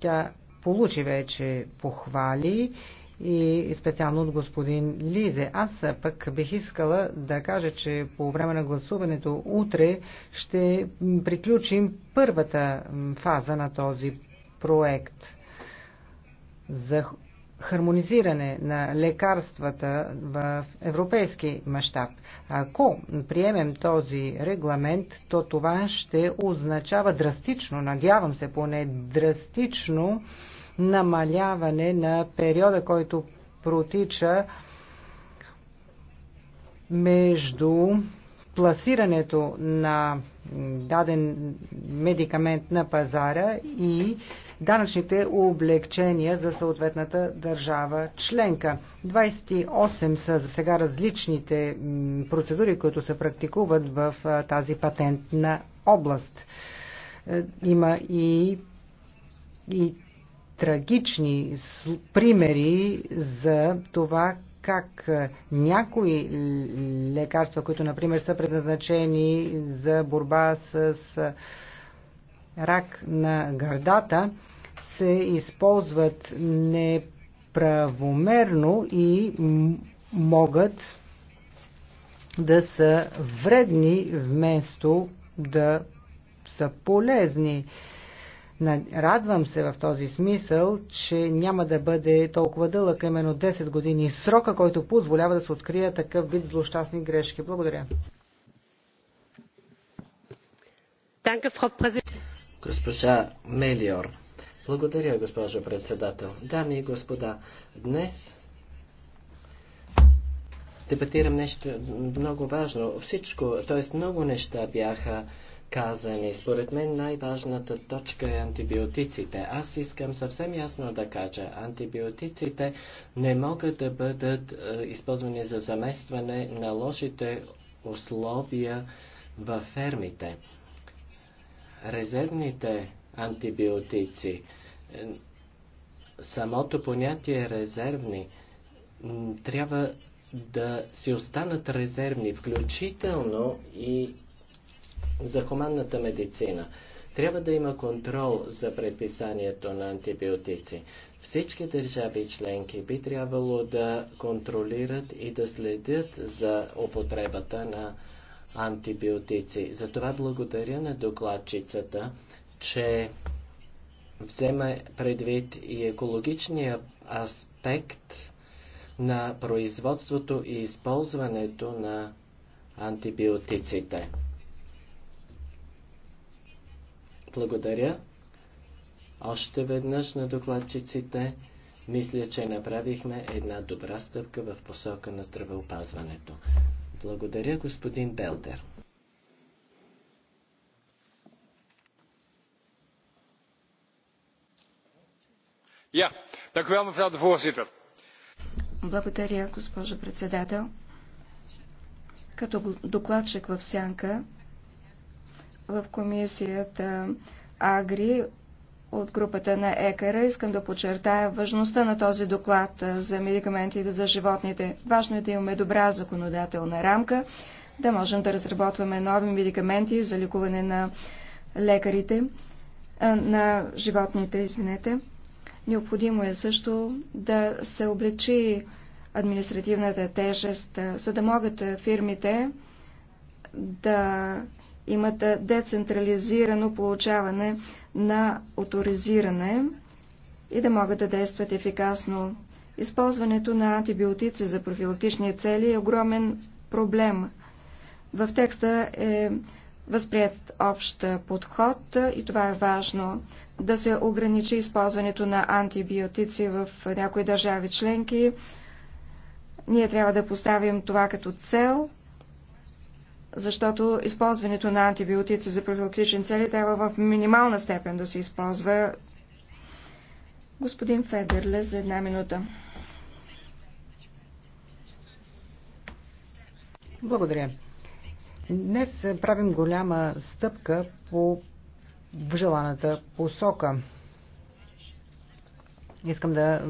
Тя получи вече похвали и специално от господин Лизе. Аз пък бих искала да кажа, че по време на гласуването утре ще приключим първата фаза на този проект за хармонизиране на лекарствата в европейски мащаб. Ако приемем този регламент, то това ще означава драстично, надявам се поне драстично, намаляване на периода, който протича между пласирането на даден медикамент на пазара и данъчните облегчения за съответната държава членка. 28 са за сега различните процедури, които се практикуват в тази патентна област. Е, има и, и трагични примери за това как някои лекарства, които, например, са предназначени за борба с рак на гърдата, се използват неправомерно и могат да са вредни вместо да са полезни. Радвам се в този смисъл, че няма да бъде толкова дълъг, именно 10 години срока, който позволява да се открие такъв вид злощастни грешки. Благодаря.
Госпожа Мелиор. Благодаря, госпожо председател. Дами и господа, днес дебатирам нещо много важно. Всичко, т.е. много неща бяха казани. Според мен най-важната точка е антибиотиците. Аз искам съвсем ясно да кажа, антибиотиците не могат да бъдат е, използвани за заместване на лошите условия във фермите. Резервните антибиотици, е, самото понятие резервни, трябва да си останат резервни, включително и за хуманната медицина. Трябва да има контрол за предписанието на антибиотици. Всички държави и членки би трябвало да контролират и да следят за употребата на антибиотици. Затова благодаря на докладчицата, че взема предвид и екологичния аспект на производството и използването на антибиотиците. Благодаря още веднъж на докладчиците. Мисля, че направихме една добра стъпка в посока на здравеопазването. Благодаря, господин Белдер.
Ja, dank u wel, mevrouw de voorzitter. Благодаря, госпожо председател. Като докладчик в сянка в комисията Агри от групата на ЕКРА. Искам да подчертая важността на този доклад за медикаментите за животните. Важно е да имаме добра законодателна рамка, да можем да разработваме нови медикаменти за ликуване на лекарите, на животните, извинете. Необходимо е също да се облегчи административната тежест, за да могат фирмите да имат децентрализирано получаване на авторизиране и да могат да действат ефикасно. Използването на антибиотици за профилактични цели е огромен проблем. В текста е възприят общ подход и това е важно да се ограничи използването на антибиотици в някои държави членки. Ние трябва да поставим това като цел защото използването на антибиотици за профилактични цели трябва в минимална степен да се използва. Господин Федерле за една минута.
Благодаря. Днес правим голяма стъпка по желаната посока. Искам да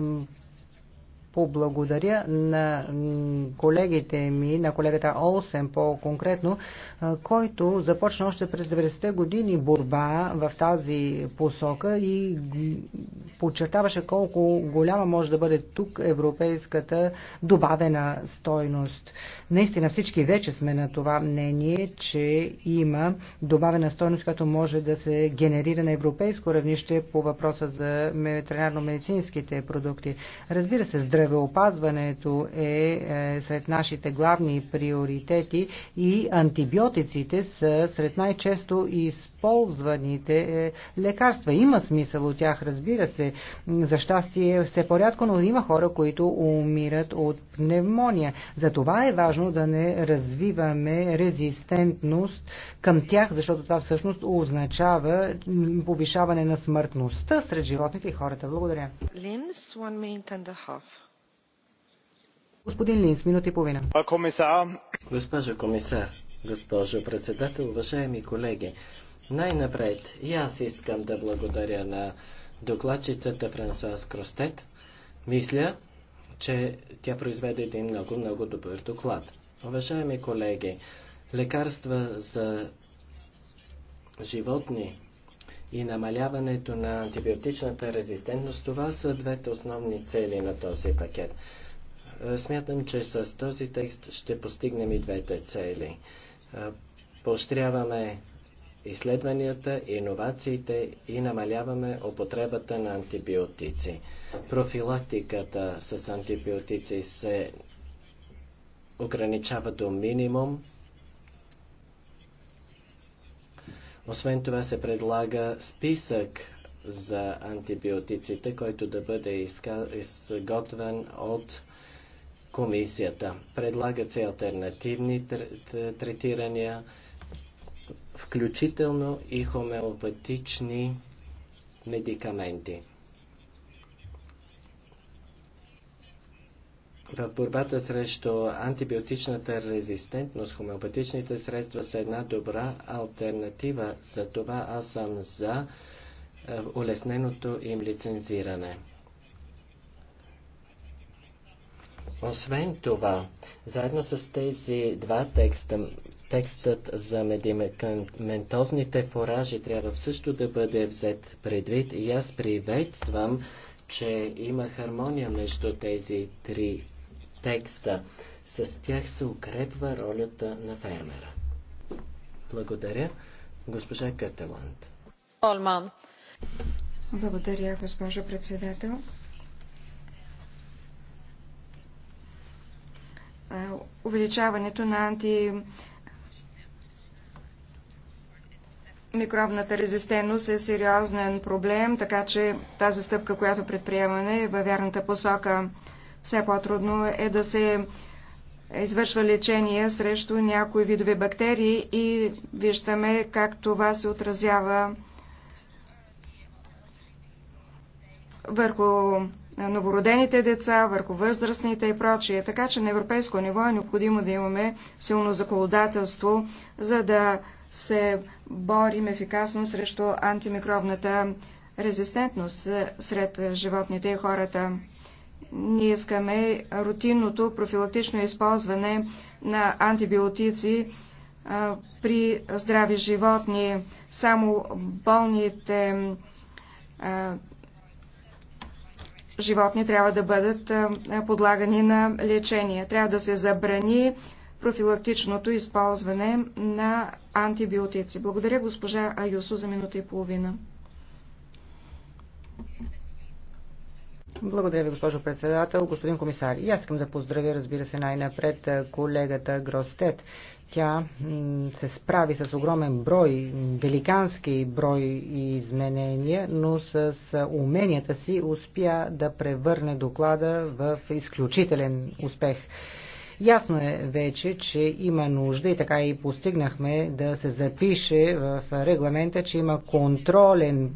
поблагодаря на колегите ми, на колегата Олсен по-конкретно, който започна още през 90-те години борба в тази посока и подчертаваше колко голяма може да бъде тук европейската добавена стойност. Наистина всички вече сме на това мнение, че има добавена стойност, която може да се генерира на европейско равнище по въпроса за ветеринарно-медицинските продукти. Разбира се, здраве здравеопазването е, е сред нашите главни приоритети и антибиотиците са сред най-често използваните е, лекарства. Има смисъл от тях, разбира се. За щастие е все порядко, но има хора, които умират от пневмония. Затова е важно да не развиваме резистентност към тях, защото това всъщност означава повишаване на смъртността сред животните и хората. Благодаря.
Linz, one minute and a half.
Господин Линс, минута и половина.
Комисар. Госпожо комисар, госпожо председател, уважаеми колеги, най-напред и аз искам да благодаря на докладчицата Франсуаз Кростет. Мисля, че тя произведе един много, много добър доклад. Уважаеми колеги, лекарства за животни и намаляването на антибиотичната резистентност, това са двете основни цели на този пакет. Смятам, че с този текст ще постигнем и двете цели. Поощряваме изследванията, иновациите и намаляваме употребата на антибиотици. Профилактиката с антибиотици се ограничава до минимум. Освен това се предлага списък за антибиотиците, който да бъде изготвен от комисията. Предлагат се альтернативни третирания, включително и хомеопатични медикаменти. В борбата срещу антибиотичната резистентност хомеопатичните средства са една добра альтернатива. За това аз съм за е, улесненото им лицензиране. Освен това, заедно с тези два текста, текстът за медикаментозните фуражи трябва също да бъде взет предвид и аз приветствам, че има хармония между тези три текста. С тях се укрепва ролята на фермера. Благодаря, госпожа
Кателанд. Благодаря, госпожо председател. Е, увеличаването на антимикробната резистентност е сериозен проблем, така че тази стъпка, която предприемаме е във вярната посока. Все по-трудно е да се извършва лечение срещу някои видове бактерии и виждаме как това се отразява върху новородените деца, върху възрастните и прочие. Така че на европейско ниво е необходимо да имаме силно законодателство, за да се борим ефикасно срещу антимикробната резистентност е, сред животните и хората. Ние искаме рутинното профилактично използване на антибиотици е, при здрави животни. Само болните е, животни трябва да бъдат подлагани на лечение. Трябва да се забрани профилактичното използване на антибиотици. Благодаря госпожа Аюсо за минута и половина.
Благодаря ви, госпожо председател, господин комисар. И аз искам да поздравя, разбира се, най-напред колегата Гростет тя се справи с огромен брой, великански брой изменения, но с уменията си успя да превърне доклада в изключителен успех. Ясно е вече, че има нужда и така и постигнахме да се запише в регламента, че има контролен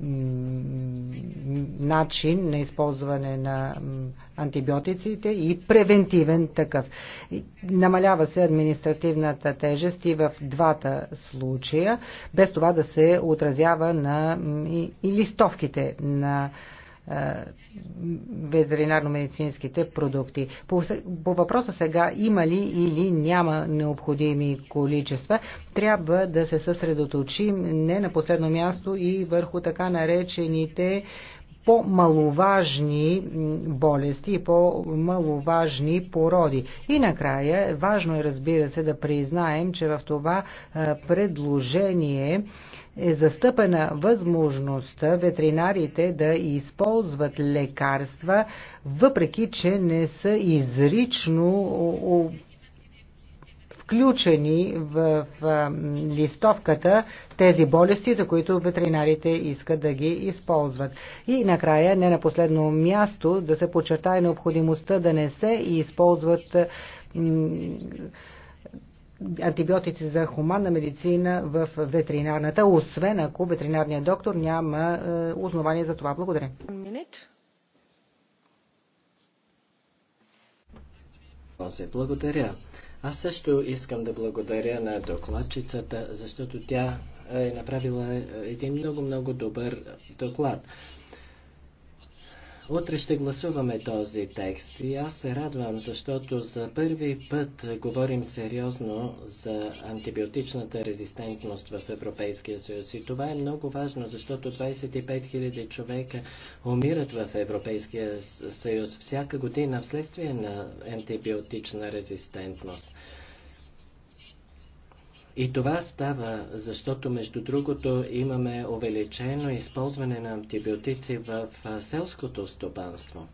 начин на използване на антибиотиците и превентивен такъв. Намалява се административната тежест и в двата случая, без това да се отразява на и листовките на ветеринарно-медицинските продукти. По, по въпроса сега има ли или няма необходими количества, трябва да се съсредоточим не на последно място и върху така наречените по-маловажни болести и по-маловажни породи. И накрая, важно е разбира се да признаем, че в това предложение е застъпена възможността ветеринарите да използват лекарства, въпреки че не са изрично включени в листовката тези болести, за които ветеринарите искат да ги използват. И накрая, не на последно място, да се подчертае необходимостта да не се използват антибиотици за хуманна медицина в ветеринарната, освен ако ветеринарният доктор няма е, основание за това. Благодаря.
Е благодаря. Аз също искам да благодаря на докладчицата, защото тя е направила един много-много добър доклад. Утре ще гласуваме този текст и аз се радвам, защото за първи път говорим сериозно за антибиотичната резистентност в Европейския съюз. И това е много важно, защото 25 000 човека умират в Европейския съюз всяка година вследствие на антибиотична резистентност. И това става, защото между другото имаме увеличено използване на антибиотици в селското стопанство.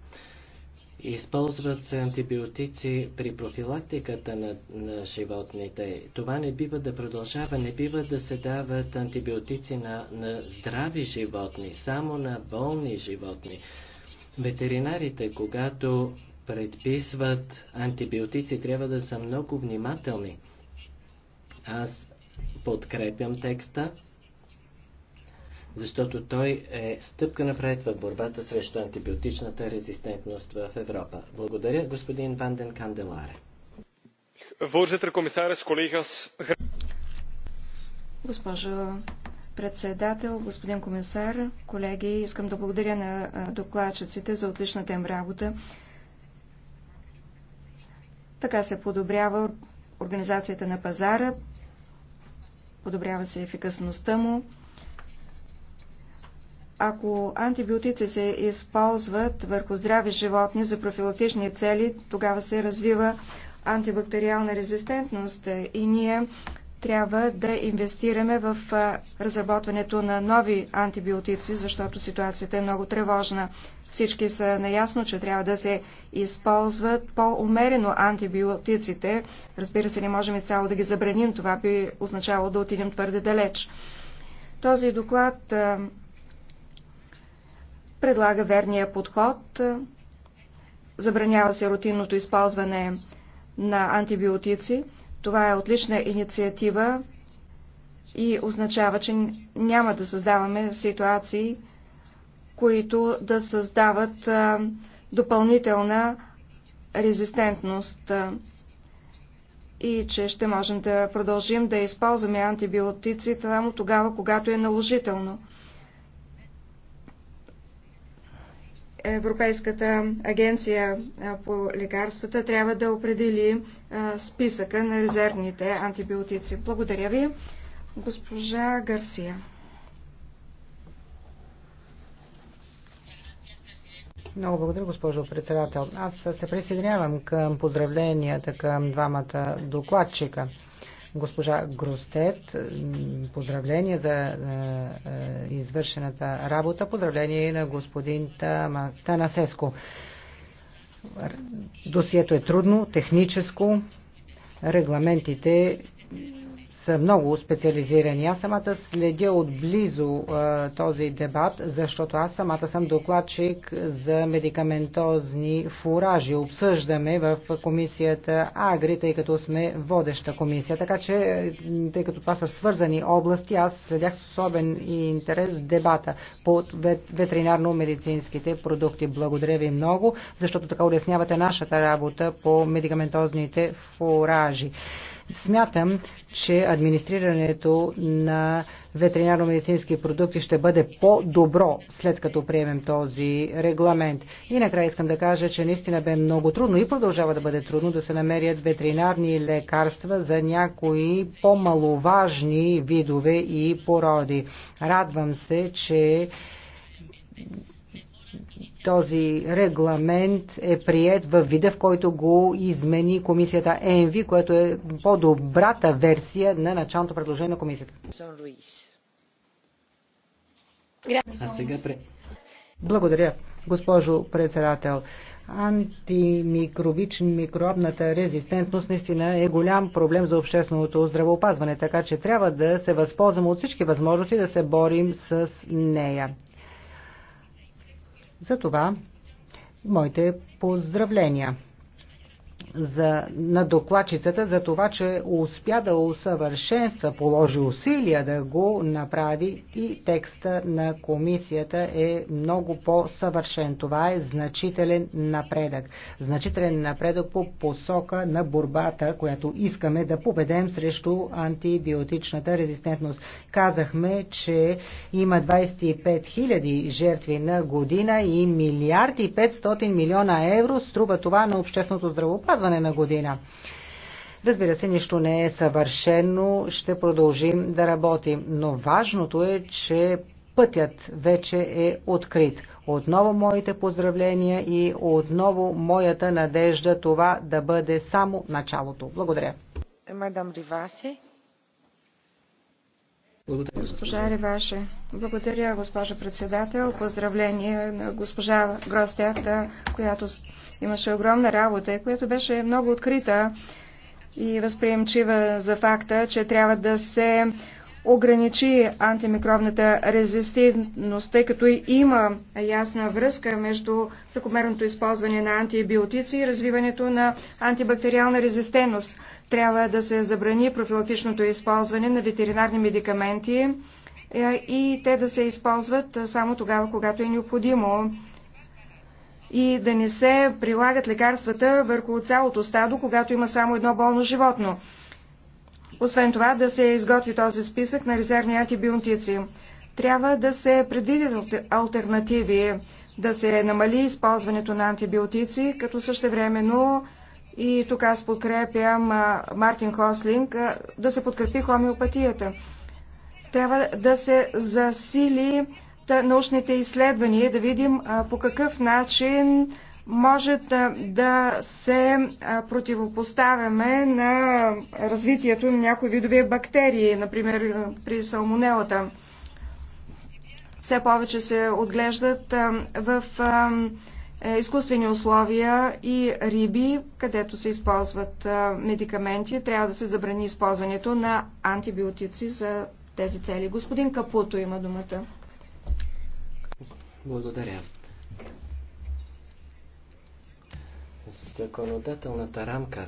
Използват се антибиотици при профилактиката на, на животните. Това не бива да продължава, не бива да се дават антибиотици на, на здрави животни, само на болни животни. Ветеринарите, когато предписват антибиотици, трябва да са много внимателни. Аз подкрепям текста, защото той е стъпка напред в борбата срещу антибиотичната резистентност в Европа. Благодаря, господин Ванден Канделаре. Voorzitter, commissaris, collega's.
Госпожо председател, господин комисар, колеги, искам да благодаря на докладчиците за отличната им работа. Така се подобрява организацията на пазара, подобрява се ефикасността му. Ако антибиотици се използват върху здрави животни за профилактични цели, тогава се развива антибактериална резистентност и ние трябва да инвестираме в разработването на нови антибиотици, защото ситуацията е много тревожна. Всички са наясно, че трябва да се използват по-умерено антибиотиците. Разбира се, не можем изцяло да ги забраним. Това би означавало да отидем твърде далеч. Този доклад предлага верния подход. Забранява се рутинното използване на антибиотици. Това е отлична инициатива и означава, че няма да създаваме ситуации, които да създават допълнителна резистентност и че ще можем да продължим да използваме антибиотици само тогава, когато е наложително. Европейската агенция по лекарствата трябва да определи списъка на резервните антибиотици. Благодаря ви, госпожа Гарсия.
Много благодаря, госпожо председател. Аз се присъединявам към поздравленията към двамата докладчика госпожа Грустет. Поздравление за е, извършената работа. Поздравление и на господин Танасеско. Досието е трудно, техническо. Регламентите са много специализирани. Аз самата следя отблизо а, този дебат, защото аз самата съм докладчик за медикаментозни фуражи. Обсъждаме в комисията Агри, тъй като сме водеща комисия. Така че, тъй като това са свързани области, аз следях с особен интерес дебата по ветеринарно-медицинските продукти. Благодаря ви много, защото така улеснявате нашата работа по медикаментозните фуражи. Смятам, че администрирането на ветеринарно-медицински продукти ще бъде по-добро след като приемем този регламент. И накрая искам да кажа, че наистина бе много трудно и продължава да бъде трудно да се намерят ветеринарни лекарства за някои по-маловажни видове и породи. Радвам се, че този регламент е прият във вида, в който го измени комисията ЕНВИ, което е по-добрата версия на началното предложение на комисията. А сега пре... Благодаря, госпожо председател. Антимикробичен микробната резистентност наистина е голям проблем за общественото здравеопазване, така че трябва да се възползваме от всички възможности да се борим с нея. За това моите поздравления за, на докладчицата за това, че успя да усъвършенства, положи усилия да го направи и текста на комисията е много по-съвършен. Това е значителен напредък. Значителен напредък по посока на борбата, която искаме да победем срещу антибиотичната резистентност. Казахме, че има 25 000 жертви на година и милиарди 500 милиона евро струва това на общественото здравеопазване докладване на година. Разбира се, нищо не е съвършено, ще продължим да работим, но важното е, че пътят вече е открит. Отново моите поздравления и отново моята надежда това да бъде само началото. Благодаря.
Мадам Риваси. Благодаря, госпожа Риваше. Благодаря, госпожа председател. Поздравление на госпожа Гростята, която Имаше огромна работа, която беше много открита и възприемчива за факта, че трябва да се ограничи антимикробната резистентност, тъй като има ясна връзка между прекомерното използване на антибиотици и развиването на антибактериална резистентност. Трябва да се забрани профилактичното използване на ветеринарни медикаменти е, и те да се използват само тогава, когато е необходимо и да не се прилагат лекарствата върху цялото стадо, когато има само едно болно животно. Освен това, да се изготви този списък на резервни антибионтици. Трябва да се предвидят альтернативи, да се намали използването на антибиотици, като същевременно и тук аз подкрепям Мартин Хослинг, да се подкрепи хомеопатията. Трябва да се засили научните изследвания, да видим по какъв начин може да се противопоставяме на развитието на някои видове бактерии, например при салмонелата. Все повече се отглеждат в е, изкуствени условия и риби, където се използват медикаменти. Трябва да се забрани използването на антибиотици за тези цели. Господин Капуто има думата.
Благодаря. Законодателната рамка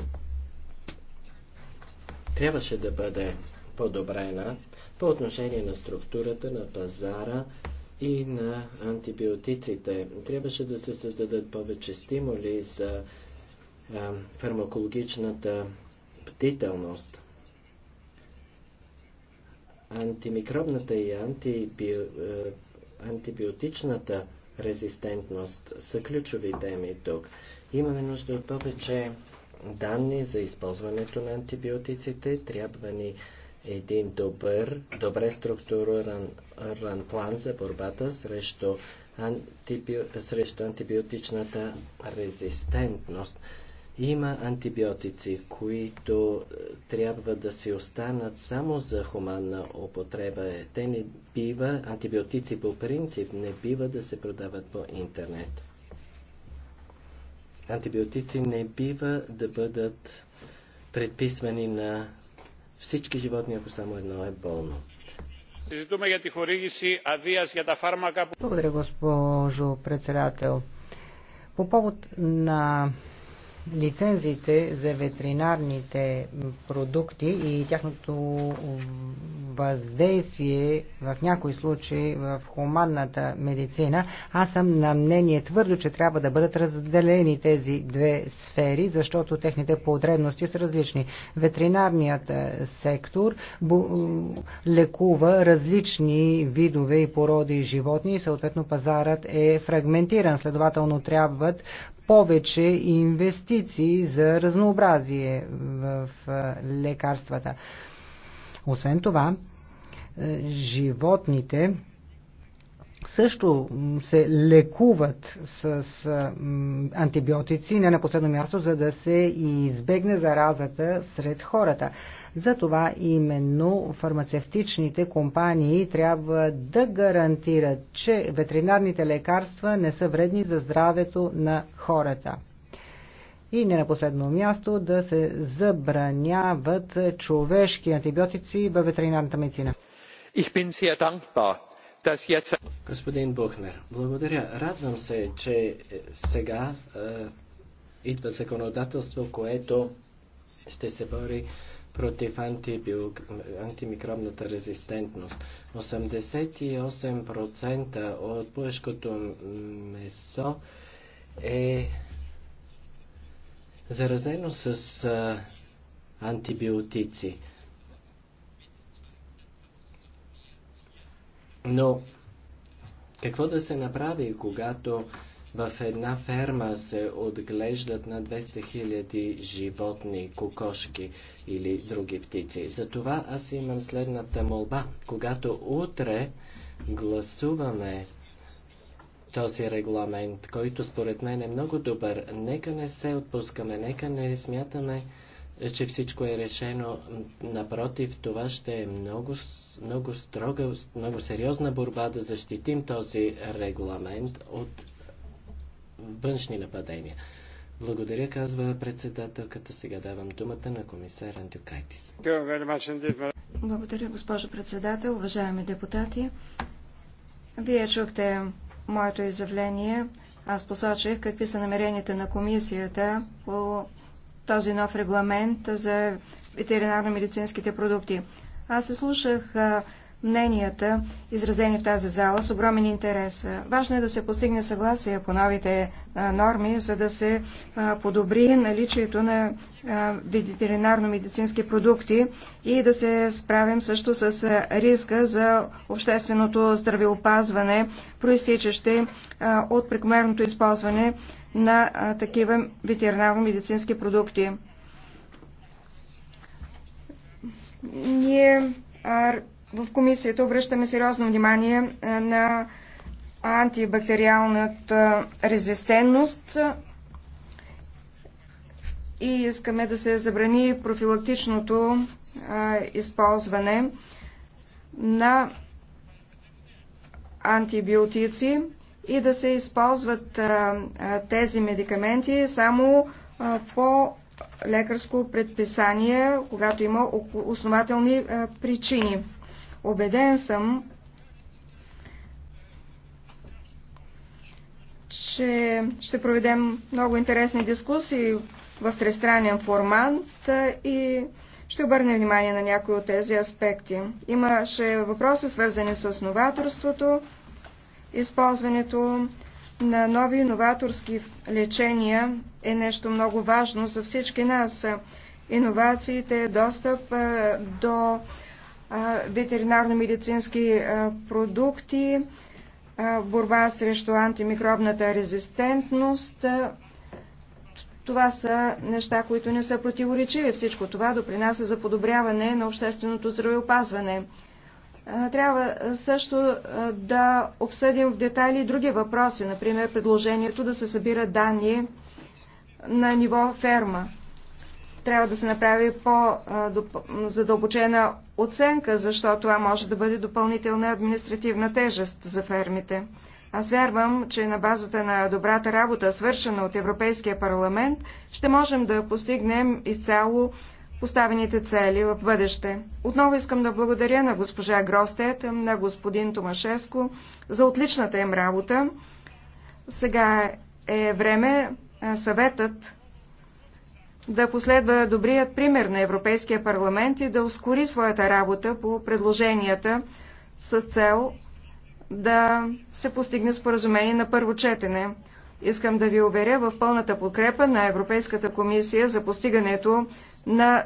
трябваше да бъде подобрена по отношение на структурата на пазара и на антибиотиците. Трябваше да се създадат повече стимули за а, фармакологичната бдителност. Антимикробната и антибиотиците антибиотичната резистентност са ключови теми тук. Имаме нужда от повече данни за използването на антибиотиците. Трябва ни един добър, добре структуриран план за борбата срещу, антиби... срещу антибиотичната резистентност. Има антибиотици, които е, трябва да си останат само за хуманна употреба. Те не бива, антибиотици по принцип не бива да се продават по интернет. Антибиотици не бива да бъдат предписвани на всички животни, ако само едно е болно.
Благодаря, госпожо председател. По повод на Лицензиите за ветеринарните продукти и тяхното въздействие в някои случаи в хуманната медицина, аз съм на мнение твърдо, че трябва да бъдат разделени тези две сфери, защото техните потребности са различни. Ветеринарният е, сектор лекува различни видове и породи животни и съответно пазарът е фрагментиран. Следователно трябват повече инвестиции за разнообразие в лекарствата. Освен това, е, животните също се лекуват с антибиотици, не на последно място, за да се избегне заразата сред хората. Затова именно фармацевтичните компании трябва да гарантират, че ветеринарните лекарства не са вредни за здравето на хората. И не на последно място да се забраняват човешки антибиотици в ветеринарната медицина.
Ich bin sehr dankbar Господин Бухнер, благодаря. Радвам се, че е, сега е, идва законодателство, което ще се бори против антимикробната резистентност. 88% от пушкото месо е заразено с а, е, антибиотици. Но какво да се направи, когато в една ферма се отглеждат на 200 000 животни, кокошки или други птици. Затова аз имам следната молба. Когато утре гласуваме този регламент, който според мен е много добър, нека не се отпускаме, нека не смятаме, е, че всичко е решено. Напротив, това ще е много, много строга, много сериозна борба да защитим този регламент от външни нападения. Благодаря, казва председателката. Сега давам думата на комисар Антюкайтис.
Благодаря, госпожо председател, уважаеми депутати. Вие чухте моето изявление. Аз посочих какви са намеренията на комисията по този нов регламент за ветеринарно-медицинските продукти. Аз се слушах мненията, изразени в тази зала, с огромен интерес. Важно е да се постигне съгласие по новите норми, за да се подобри наличието на ветеринарно-медицински продукти и да се справим също с риска за общественото здравеопазване, проистичащи от прекомерното използване на такива ветеринарно-медицински продукти. Ние в комисията обръщаме сериозно внимание е, на антибактериалната е, резистентност и искаме да се забрани профилактичното а, е, използване на антибиотици и да се използват а, тези медикаменти само а, по лекарско предписание, когато има основателни а, причини. Обеден съм, че ще проведем много интересни дискусии в тристранен формат и ще обърнем внимание на някои от тези аспекти. Имаше въпроси, свързани с новаторството, използването на нови новаторски лечения е нещо много важно за всички нас. Иновациите, достъп до ветеринарно-медицински продукти, борба срещу антимикробната резистентност. Това са неща, които не са противоречиви. Всичко това допринася за подобряване на общественото здравеопазване. Трябва също да обсъдим в детайли други въпроси, например предложението да се събира данни на ниво ферма трябва да се направи по-задълбочена оценка, защото това може да бъде допълнителна административна тежест за фермите. Аз вярвам, че на базата на добрата работа, свършена от Европейския парламент, ще можем да постигнем изцяло поставените цели в бъдеще. Отново искам да благодаря на госпожа Гростет, на господин Томашеско за отличната им работа. Сега е време съветът да последва добрият пример на Европейския парламент и да ускори своята работа по предложенията с цел да се постигне споразумение на първо четене. Искам да ви уверя в пълната подкрепа на Европейската комисия за постигането на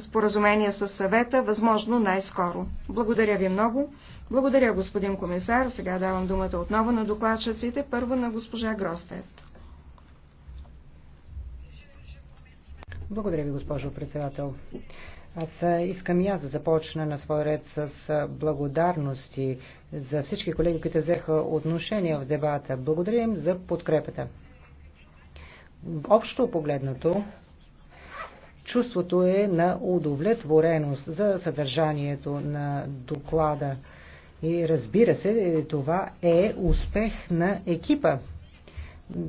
споразумение с съвета, възможно най-скоро. Благодаря ви много. Благодаря, господин комисар. Сега давам думата отново на докладчиците. Първо на госпожа Гростет.
Благодаря ви, госпожо председател. Аз искам и аз да започна на своя ред с благодарности за всички колеги, които взеха отношение в дебата. Благодаря им за подкрепата. Общо погледнато, чувството е на удовлетвореност за съдържанието на доклада. И разбира се, това е успех на екипа,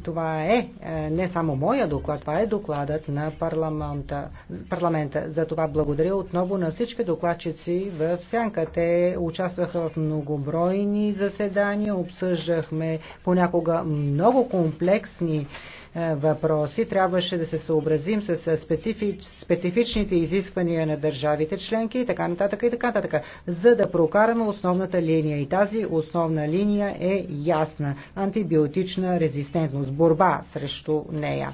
това е, е не само моя доклад, това е докладът на парламента. парламента. За това благодаря отново на всички докладчици в Сянка. Те участваха в многобройни заседания, обсъждахме понякога много комплексни е, въпроси. Трябваше да се съобразим с специфич, специфичните изисквания на държавите членки и така нататък и така нататък, за да прокараме основната линия. И тази основна линия е ясна. Антибиотична резистентност. Борба срещу нея.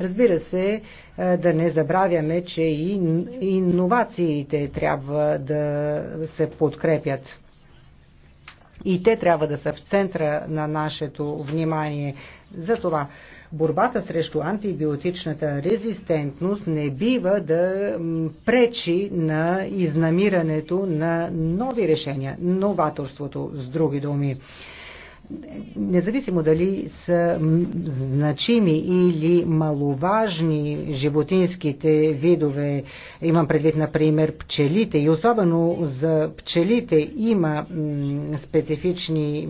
Разбира се, е, да не забравяме, че и иновациите трябва да се подкрепят. И те трябва да са в центъра на нашето внимание. За това Борбата срещу антибиотичната резистентност не бива да пречи на изнамирането на нови решения, новаторството с други думи независимо дали са значими или маловажни животинските видове, имам предвид, например, пчелите и особено за пчелите има специфични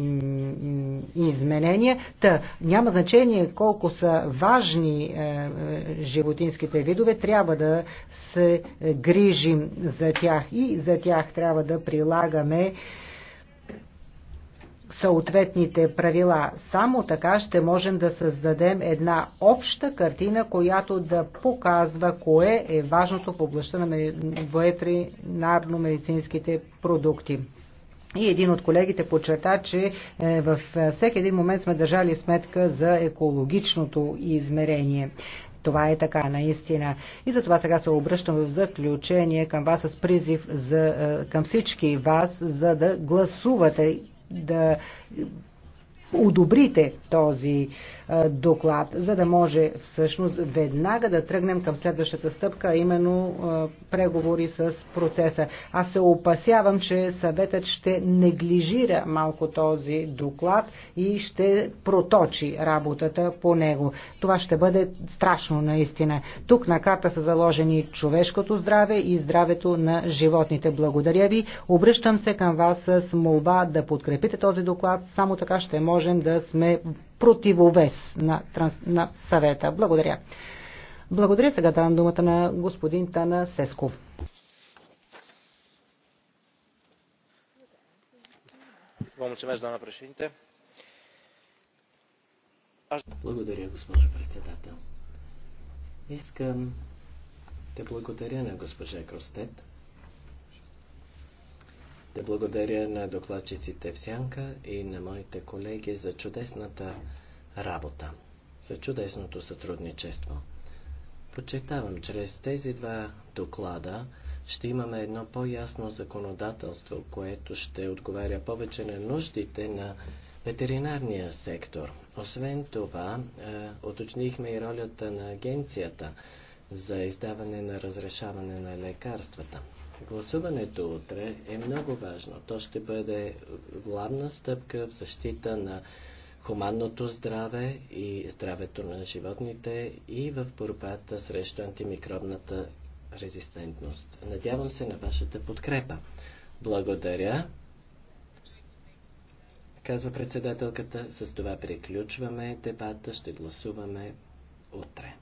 изменения, та няма значение колко са важни е, е, животинските видове, трябва да се грижим за тях и за тях трябва да прилагаме съответните правила. Само така ще можем да създадем една обща картина, която да показва кое е важното в областта на ветеринарно-медицинските продукти. И един от колегите подчерта, че е, в е, всеки един момент сме държали сметка за екологичното измерение. Това е така, наистина. И затова сега се обръщам в заключение към вас с призив за, е, към всички вас, за да гласувате да одобрите този доклад, за да може всъщност веднага да тръгнем към следващата стъпка, именно преговори с процеса. Аз се опасявам, че съветът ще неглижира малко този доклад и ще проточи работата по него. Това ще бъде страшно наистина. Тук на карта са заложени човешкото здраве и здравето на животните. Благодаря ви. Обръщам се към вас с молба да подкрепите този доклад. Само така ще може можем да сме противовес на, транс, на съвета. Благодаря. Благодаря. Сега давам думата на господин Тана Сеско.
doamnă președinte. Благодаря, госпожо председател. Искам да благодаря на госпожа Кростет да благодаря на докладчиците в Сянка и на моите колеги за чудесната работа, за чудесното сътрудничество. Подчертавам, чрез тези два доклада ще имаме едно по-ясно законодателство, което ще отговаря повече на нуждите на ветеринарния сектор. Освен това, е, уточнихме и ролята на агенцията за издаване на разрешаване на лекарствата. Гласуването утре е много важно. То ще бъде главна стъпка в защита на хуманното здраве и здравето на животните и в борбата срещу антимикробната резистентност. Надявам се на вашата подкрепа. Благодаря. Казва председателката, с това приключваме дебата, ще гласуваме утре.